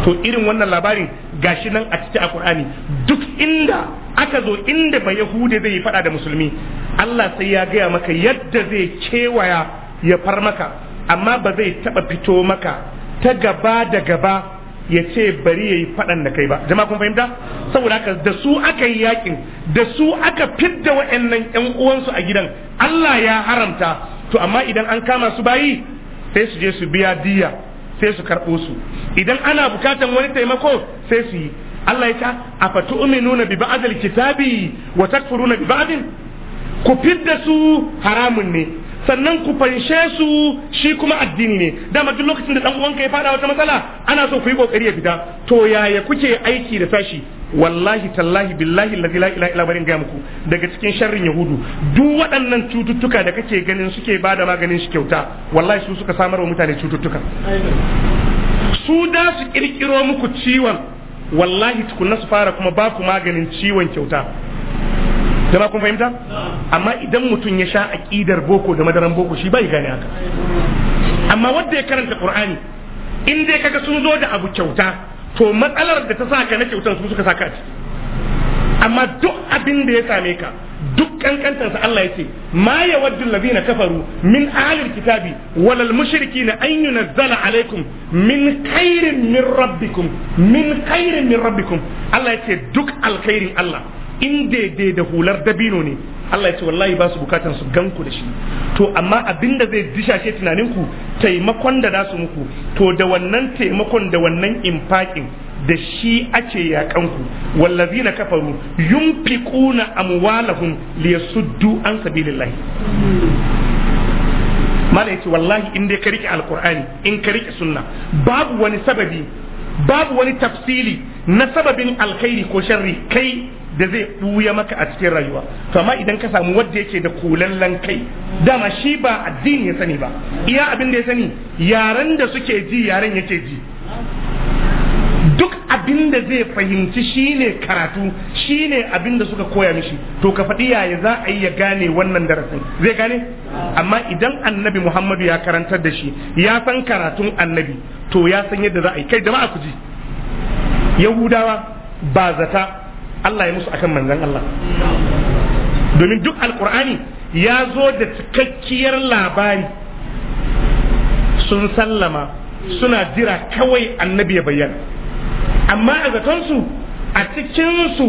to irin wannan labarin gashi nan a cikin alqur'ani duk inda aka zo inda ba yahude zai fada da musulmi Allah sai ya gaya maka yadda zai kewaya ya far maka amma ba zai taba fito maka ta gaba da gaba ya ce bari ya yi faɗan da kai ba jama'a kun fahimta saboda haka da su aka yi yakin da su aka fidda wa'annan yan uwansu a gidan Allah ya haramta to amma idan an kama su bayi sai su je su biya diya sai su karɓo su idan ana bukatan wani taimako sai su yi Allah ya ta a fatu uminuna bi ba'dal kitabi wa takfuruna bi ba'din ku fidda su haramun ne sannan ku fanshe su shi kuma addini ne dama duk lokacin da dan uwanka ya fada wata matsala ana so ku yi kokari ya fita to yaya kuke aiki da tashi wallahi tallahi billahi la ilaha illa barin ga muku daga cikin sharrin yahudu duk waɗannan cututtuka da kake ganin suke bada maganin shi kyauta wallahi su suka samar wa mutane cututtuka su da su kirkiro muku ciwon wallahi tukunna su fara kuma ba ku maganin ciwon kyauta jama'a kun fahimta amma idan mutum ya sha aqidar boko da madaran boko shi bai gane haka amma wanda ya karanta qur'ani in dai kaga sun zo da abu kyauta to matsalar da ta saka na kyautan su suka saka a amma duk abin da ya same ka duk sa Allah ya ce ma ya waddu allazina kafaru min ahlil kitabi walal mushrikina an yunazzala alaikum min khairin min rabbikum min khairin min rabbikum Allah ya duk alkhairin Allah in daidai da hular dabino ne Allah ya ce wallahi ba su bukatan su ganku da shi to amma abin da zai dishashe ku taimakon da nasu muku to da wannan taimakon da wannan infakin da shi ake yakanku wallazina kafaru yunfiquna amwalahum liyasuddu an sabilillahi mala ce wallahi in dai ka rike alqur'ani in ka rike sunna babu wani sababi babu wani tafsili na sababin alkhairi ko sharri kai da zai buya maka a cikin rayuwa to amma idan ka samu wanda yake da kulallan kai dama shi ba addini ya sani ba iya abin da ya sani yaren da suke ji yaran yake ji duk abin da zai fahimci shine karatu shine abin da suka koya mishi to ka faɗi yaya za a yi ya gane wannan darasin zai gane amma idan annabi muhammadu ya karantar da shi ya san karatun annabi to ya san yadda za a yi kai jama'a ku ji yahudawa ba zata Allah ya musu akan manzan Allah domin duk alkur'ani ya zo da cikakkiyar labari sun sallama suna jira kawai annabi ya bayyana amma a zatonsu a cikinsu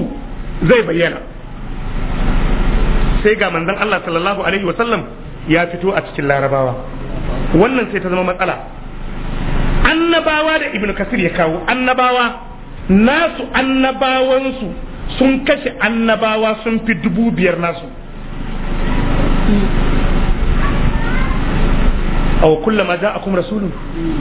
zai bayyana sai ga manzan Allah sallallahu alaihi wasallam ya fito a cikin larabawa wannan sai ta zama matsala annabawa da Ibnu kasir ya kawo annabawa nasu annabawansu sun kashe annabawa sun fi dubu biyar nasu aw a ja'akum rasulun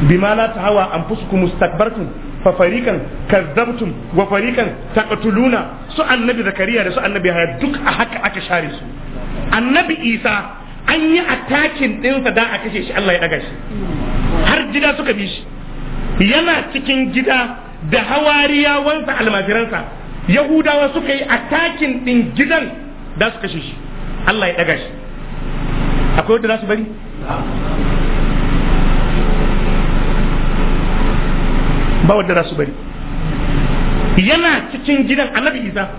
bima la tahawa fusku mustakbartum fa fariqan kadzabtum wa farikan taqtuluna su annabi zakariya da su annabi haya duk a haka aka share su annabi isa an yi takin ɗinsa da a kashe shi Allah ya daga shi har gida suka bi shi yana cikin gida da hawariyawansa almajiransa yahudawa suka yi atakin din gidan da suka shi shi Allah ya daga shi akwai wanda za su bari ba wanda za su bari yana cikin gidan annabi isa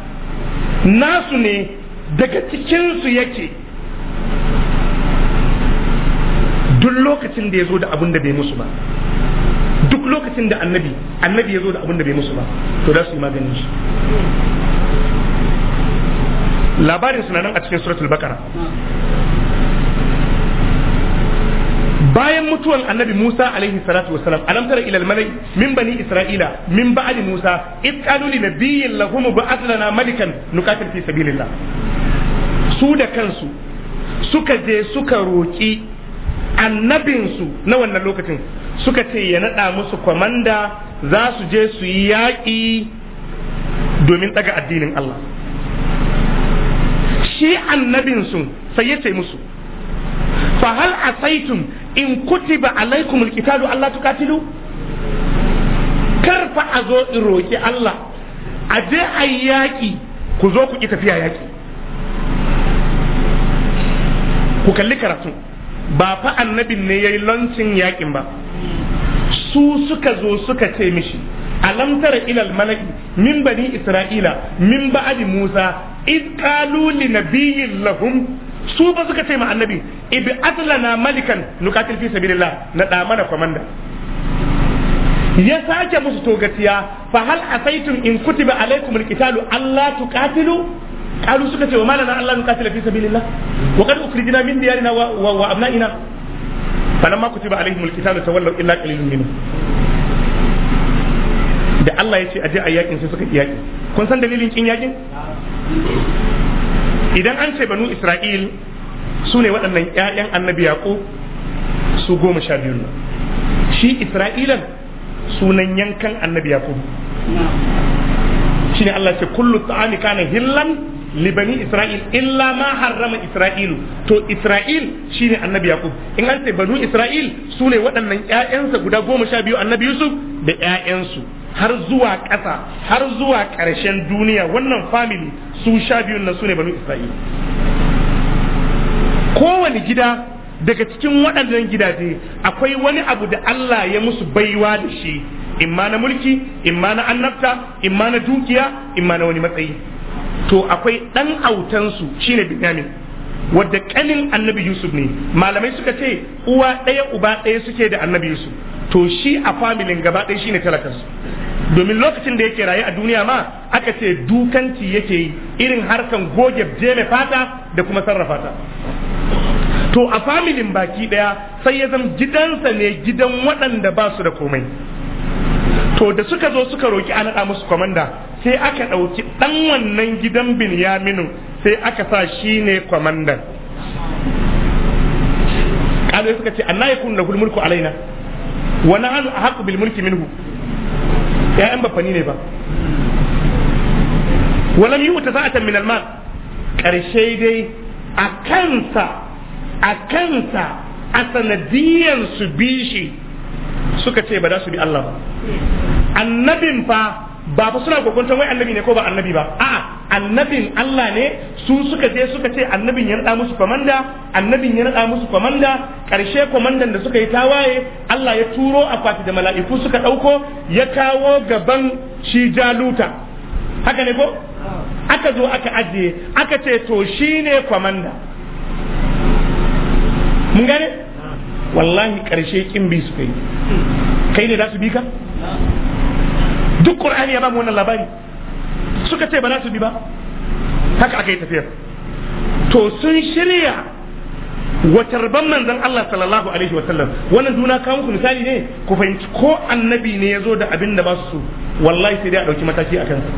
nasu ne daga cikinsu yake duk lokacin da ya zo da abin da bai musu ba duk lokacin da annabi annabi ya zo da abin da bai musu ba to za su yi maganin shi labarin suna nan a cikin suratul bakara bayan mutuwan annabi Musa alaihi salatu wassalam alam tara ila almalai min bani isra'ila min ba'di Musa id qalu li nabiyyin lahum ba'ath lana malikan nuqatil fi sabilillah su da kansu suka je suka roki annabinsu na wannan lokacin suka ce ya naɗa musu kwamanda za su je su yi yaƙi domin ɗaga addinin Allah shi annabinsu sai ya ce musu fahal asaitum in kutiba alaikum alkitabu Allah tuqatilu kar fa a zo in roki Allah a je a yi yaƙi ku zo ku ki tafiya yaƙi ku kalli karatu ba fa annabin ne yayi lancin yaƙin ba su suka zo suka ce mishi alam tara ilal malaki min bani isra'ila min ba ba'di musa id qalu li nabiyyin lahum su ba suka ce ma annabi ibi atlana malikan nuqatil fi sabilillah na da mana komanda ya sake musu togatiya fa hal asaitum in kutiba alaikum alqitalu alla tuqatilu qalu suka ce wa malana alla nuqatila fi sabilillah wa qad ukhrijna min diyarina wa abna'ina falamma kutiba alaihimul qitalu tawallaw illa qalilun minhum da Allah ya ce aje a yakin sai suka yaki kun san dalilin kin yakin idan an ce banu isra'il su ne waɗannan ƴaƴan annabi yaqub su goma sha biyu shi isra'ilan sunan yankan annabi yaqub shine Allah ce kullu ta'ami kana hillan libani isra'il illa ma harrama isra'ilu to isra'il shine annabi yaqub in an ce banu isra'il su ne waɗannan ƴaƴansa guda goma sha biyu annabi yusuf da ƴaƴansu har zuwa ƙasa har zuwa ƙarshen duniya wannan family su sha biyun nan su ne banu isra'il kowane gida daga cikin waɗannan gidaje akwai wani abu da Allah ya musu baiwa da shi imma na mulki imma na annabta imma na dukiya imma na wani matsayi to akwai dan autansu shine binyamin wadda kanin annabi yusuf ne malamai suka ce uwa ɗaya uba ɗaya suke da annabi yusuf to shi a familin gaba ɗaya shine talakansu domin lokacin da yake raye a duniya ma aka ce dukanci yake yi irin harkan goge jeme fata da kuma sarrafa ta to a familin baki ɗaya, sai ya zama gidansa ne gidan waɗanda ba su da komai to da suka zo suka roki an naɗa musu kwamanda sai aka ɗauki ɗan wannan gidan binyaminu sai aka sa shi ne kwamandan ƙalai suka ce anna ya kunna mulku alaina wa nahnu ahqqu bil mulki minhu ya'yan bafani ne ba wa lam yu'ta sa'atan min al karshe dai a kansa a kansa a sanadiyan su bishi suka ce ba za su bi Allah ba annabin fa ba fa suna kokuntan wai annabi ne ko ba annabi ba a'a annabin Allah ne su suka je suka ce annabin ya nada musu komanda annabin ya nada musu komanda karshe komandan da suka yi tawaye Allah ya turo akwati da mala'iku suka dauko ya kawo gaban shi jaluta haka ne ko aka zo aka ajiye aka ce to shine komanda mun gane wallahi karshe kimbi bi suka yi kai ne za su bi ka duk qur'ani ya ba wannan labari suka ce ba za su bi ba haka aka yi tafiyar to sun shirya watarban manzon Allah sallallahu alaihi wasallam wannan juna kawo muku misali ne ku fahimci ko annabi ne ya zo da abin da ba su wallahi sai dai a ɗauki mataki a kansa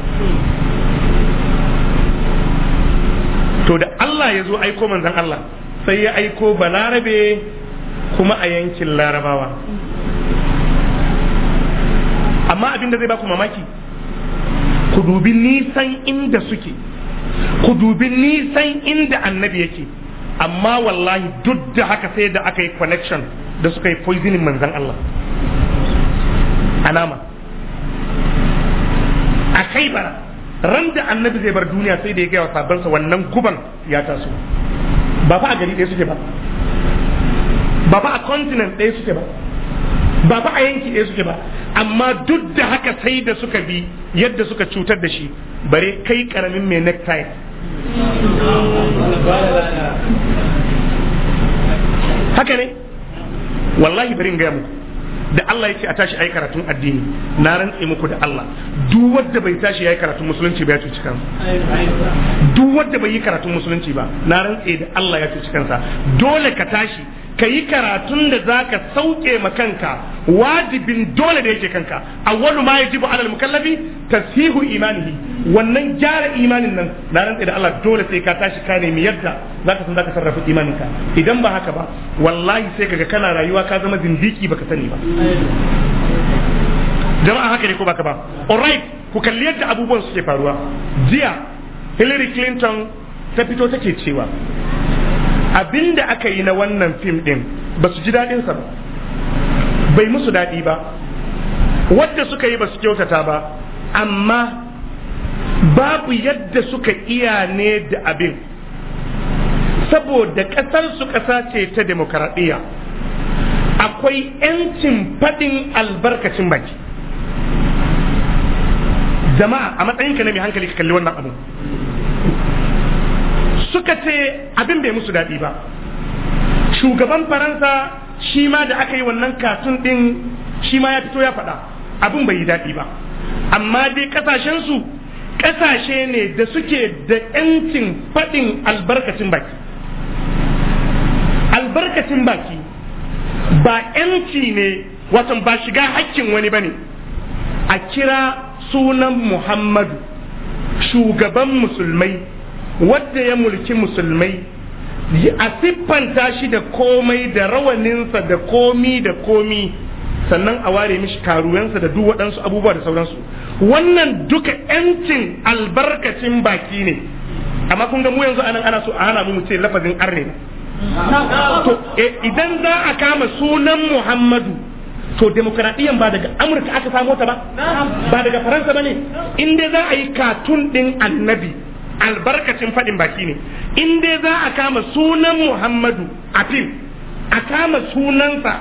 to da Allah ya zo aiko manzon Allah sai ya aiko balarabe kuma a yankin larabawa amma abin da zai baku mamaki ku dubi nisan inda suke ku dubi nisan inda annabi yake amma wallahi duk da haka sai da aka yi connection da suka yi poisoning manzan Allah anama a kai bara ran da annabi zai bar duniya sai da ya gaya wa sabansa wannan guban ya taso ba fa a gari ɗaya suke ba ba fa a continent ɗaya suke ba ba ba a yanki ɗaya suke ba amma duk da haka sai da suka bi yadda suka cutar da shi bare kai karamin mai necktie haka ne wallahi bari in gaya muku da Allah ya ce a tashi ayi karatun addini na rantsi muku da Allah duk wanda bai tashi yayi karatun musulunci ba ya cuci kansa duk wanda bai yi karatun musulunci ba na rantsi da Allah ya cuci kansa dole ka tashi ka yi karatun da za ka sauke ma kanka wajibin dole da yake kanka wani ma yajibu alal mukallafi tasihu imanihi wannan gyara imanin nan na rantsa da Allah dole sai ka tashi ka nemi yadda ka san ka sarrafa imaninka idan ba haka ba wallahi sai kaga kana rayuwa ka zama zindiki baka sani ba jama'a haka ne ko baka ba right ku kalli yadda abubuwan suke faruwa jiya Hillary Clinton ta fito take cewa Abin da aka yi na wannan fim ɗin ba su ji daɗinsa ba bai musu daɗi ba wadda suka yi ba su kyautata ba amma babu yadda suka iya ne da abin saboda ƙasarsu ƙasa ce ta demokaraɗiyya akwai 'yancin faɗin albarkacin baki jama'a a matsayinka na mai hankali ka kalli wannan abu suka ce abin bai musu daɗi ba shugaban faransa shi ma da aka yi wannan katun ɗin shi ma ya fito ya faɗa abin bai yi daɗi ba amma dai ƙasashensu ƙasashe ne da suke da 'yancin faɗin albarkacin baki albarkacin baki ba 'yanci ne watan ba shiga hakkin wani ba ne a kira sunan muhammadu shugaban musulmai wadda ya mulki musulmai a siffanta shi da komai da rawaninsa da komi da komi sannan a ware mishi karuwansa da duk waɗansu abubuwa da sauransu wannan duka 'yancin albarkacin baki ne amma kun ga mu yanzu anan ana so a hana mu ce lafazin arne to eh, idan za a kama sunan muhammadu to demokradiyyar ba daga amurka aka samo ta ba ba daga faransa ba ne in za a yi katun ɗin annabi albarkacin faɗin baki ne in dai za a kama sunan muhammadu a fil a kama sunansa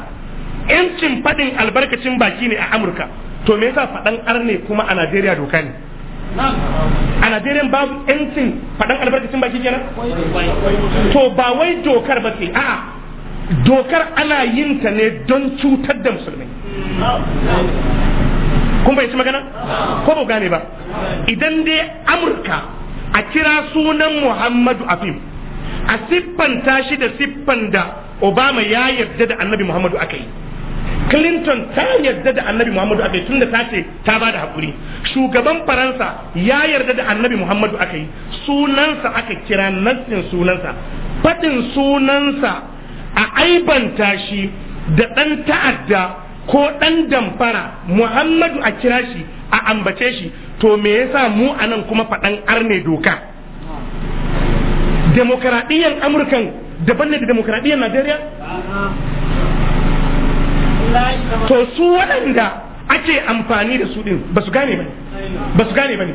yancin faɗin albarkacin baki ne a amurka to me yasa faɗan arne kuma a najeriya doka ne a najeriya babu yancin faɗan albarkacin baki kenan to ba wai dokar ba ce a'a dokar ana yin ta ne don cutar da musulmai kun bai ci magana ko ba gane ba idan dai amurka a kira sunan muhammadu a fim a siffanta shi da siffan da obama ya yarda da annabi muhammadu aka yi clinton ta yarda da annabi muhammadu aka yi tun da ta ce ta ba da haƙuri shugaban faransa ya yarda da annabi muhammadu aka yi sunansa aka kira nassin sunansa faɗin sunansa a aibanta shi da ɗan ta'adda ko ɗan damfara muhammadu a kira shi a ambace shi to me yasa mu anan kuma faɗan arne doka demokaradiyyar amurkan daban ne da demokaradiyyar najeriya to su waɗanda ake amfani da su ɗin ba su gane ba su gane ba ne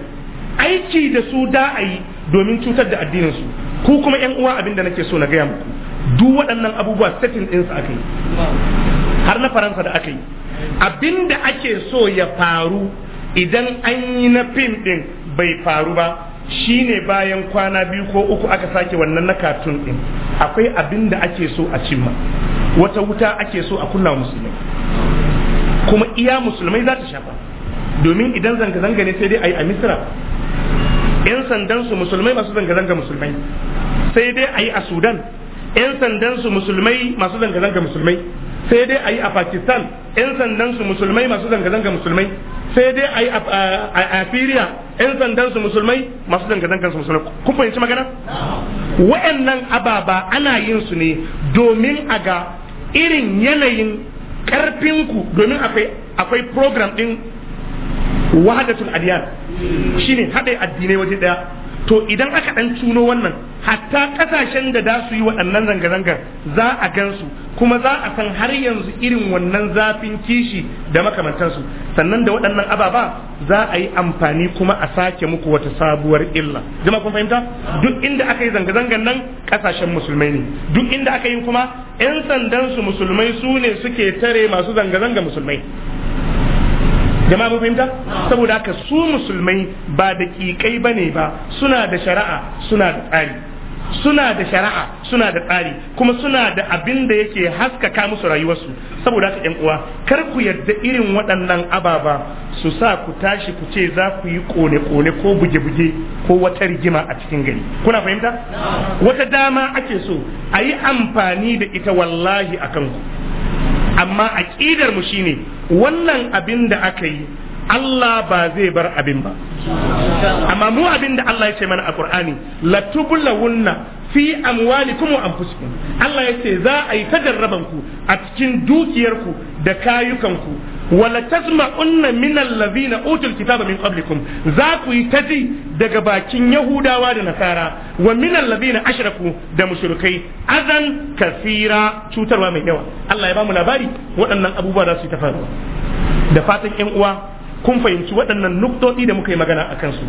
aiki da su da a yi domin cutar da addininsu ku kuma yan uwa abinda da nake so na gaya muku duk waɗannan abubuwa setting ɗinsu aka har na faransa da aka yi abinda ake so ya faru idan an yi na fim din bai faru ba shine bayan kwana biyu ko uku aka sake wannan na katun din akwai abin da ake so a cimma wata wuta ake so a kunna musulmai kuma iya musulmai za ta shafa domin idan zanga-zanga ne sai dai a yi a misira yan sandan su musulmai masu zanga-zanga musulmai sai dai a yi a sudan yan sandan su musulmai masu zanga-zanga musulmai sai dai a yi a pakistan 'yan sandan su musulmai masu zanga-zanga musulmai sai dai a yi a Syria 'yan sandan su musulmai masu zanga zanga su musulmai kun fahimci magana wa'annan ababa ana yin su ne domin a ga irin yanayin karfinku domin akwai program din wahadatul adiyan shine haɗe addinai waje daya. to idan aka dan tuno wannan hatta kasashen da za su yi waɗannan zanga-zangar za a gansu kuma za a san har yanzu irin wannan zafin kishi da makamantansu sannan da waɗannan ababa za a yi amfani kuma a sake muku wata sabuwar illa jama kun fahimta duk inda aka yi zanga-zangar nan kasashen musulmai ne duk inda aka yi kuma 'yan sandan su musulmai su ne suke tare masu zanga-zanga musulmai jama'a mun fahimta saboda haka su musulmai ba da kikai bane ba suna da shari'a suna da tsari suna da shari'a suna da tsari kuma suna da abin da yake haskaka musu rayuwarsu saboda haka yan uwa kar ku yarda irin waɗannan ababa su sa ku tashi ku ce za ku yi kone-kone ko buge-buge ko wata rigima a cikin gari kuna fahimta wata dama ake so a yi amfani da ita wallahi a kanku amma aƙidar mu shine wannan abin da aka yi Allah ba zai bar abin ba amma mu abin da Allah ya ce mana a Qur'ani latubulawunna fi amwalikum wa anfusikum Allah ya ce za a yi ta ku a cikin dukiyarku da kayukanku wala tasma'unna min allazina utul kitaba min qablikum za ku yi taji daga bakin yahudawa da nasara wa min allazina ashraku da mushrikai azan kasira cutarwa mai yawa Allah ya bamu labari waɗannan abubuwa za su yi ta faruwa da fatan ƴan uwa kun fahimci waɗannan nuktoti da muka yi magana a kansu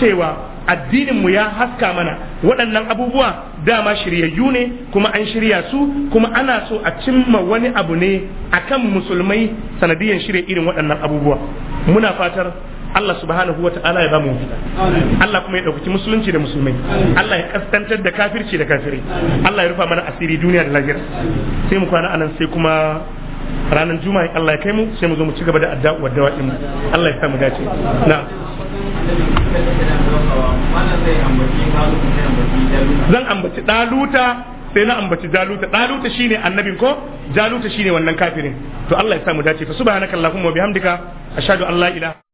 cewa addininmu ya haska mana waɗannan abubuwa dama shiryayyu ne kuma an shirya su kuma ana so a cimma wani abu ne akan musulmai sanadiyan shirya irin waɗannan abubuwa muna fatar Allah subhanahu wa ta'ala ya mu mafita Allah kuma ya ɗaukaki musulunci da musulmai Allah ya kaskantar da kafirci da kafiri Allah ya rufa mana asiri duniya da lahira sai mu kwana anan sai kuma ranar juma'a Allah ya kai mu sai mu zo mu ci gaba da addu'a wa dawa mu Allah ya sa mu dace na zan ambaci daluta sai na ambaci daluta daluta shine annabin ko daluta shine wannan kafirin to Allah ya sa mu dace fa subhanakallahumma wa bihamdika ashhadu an la ilaha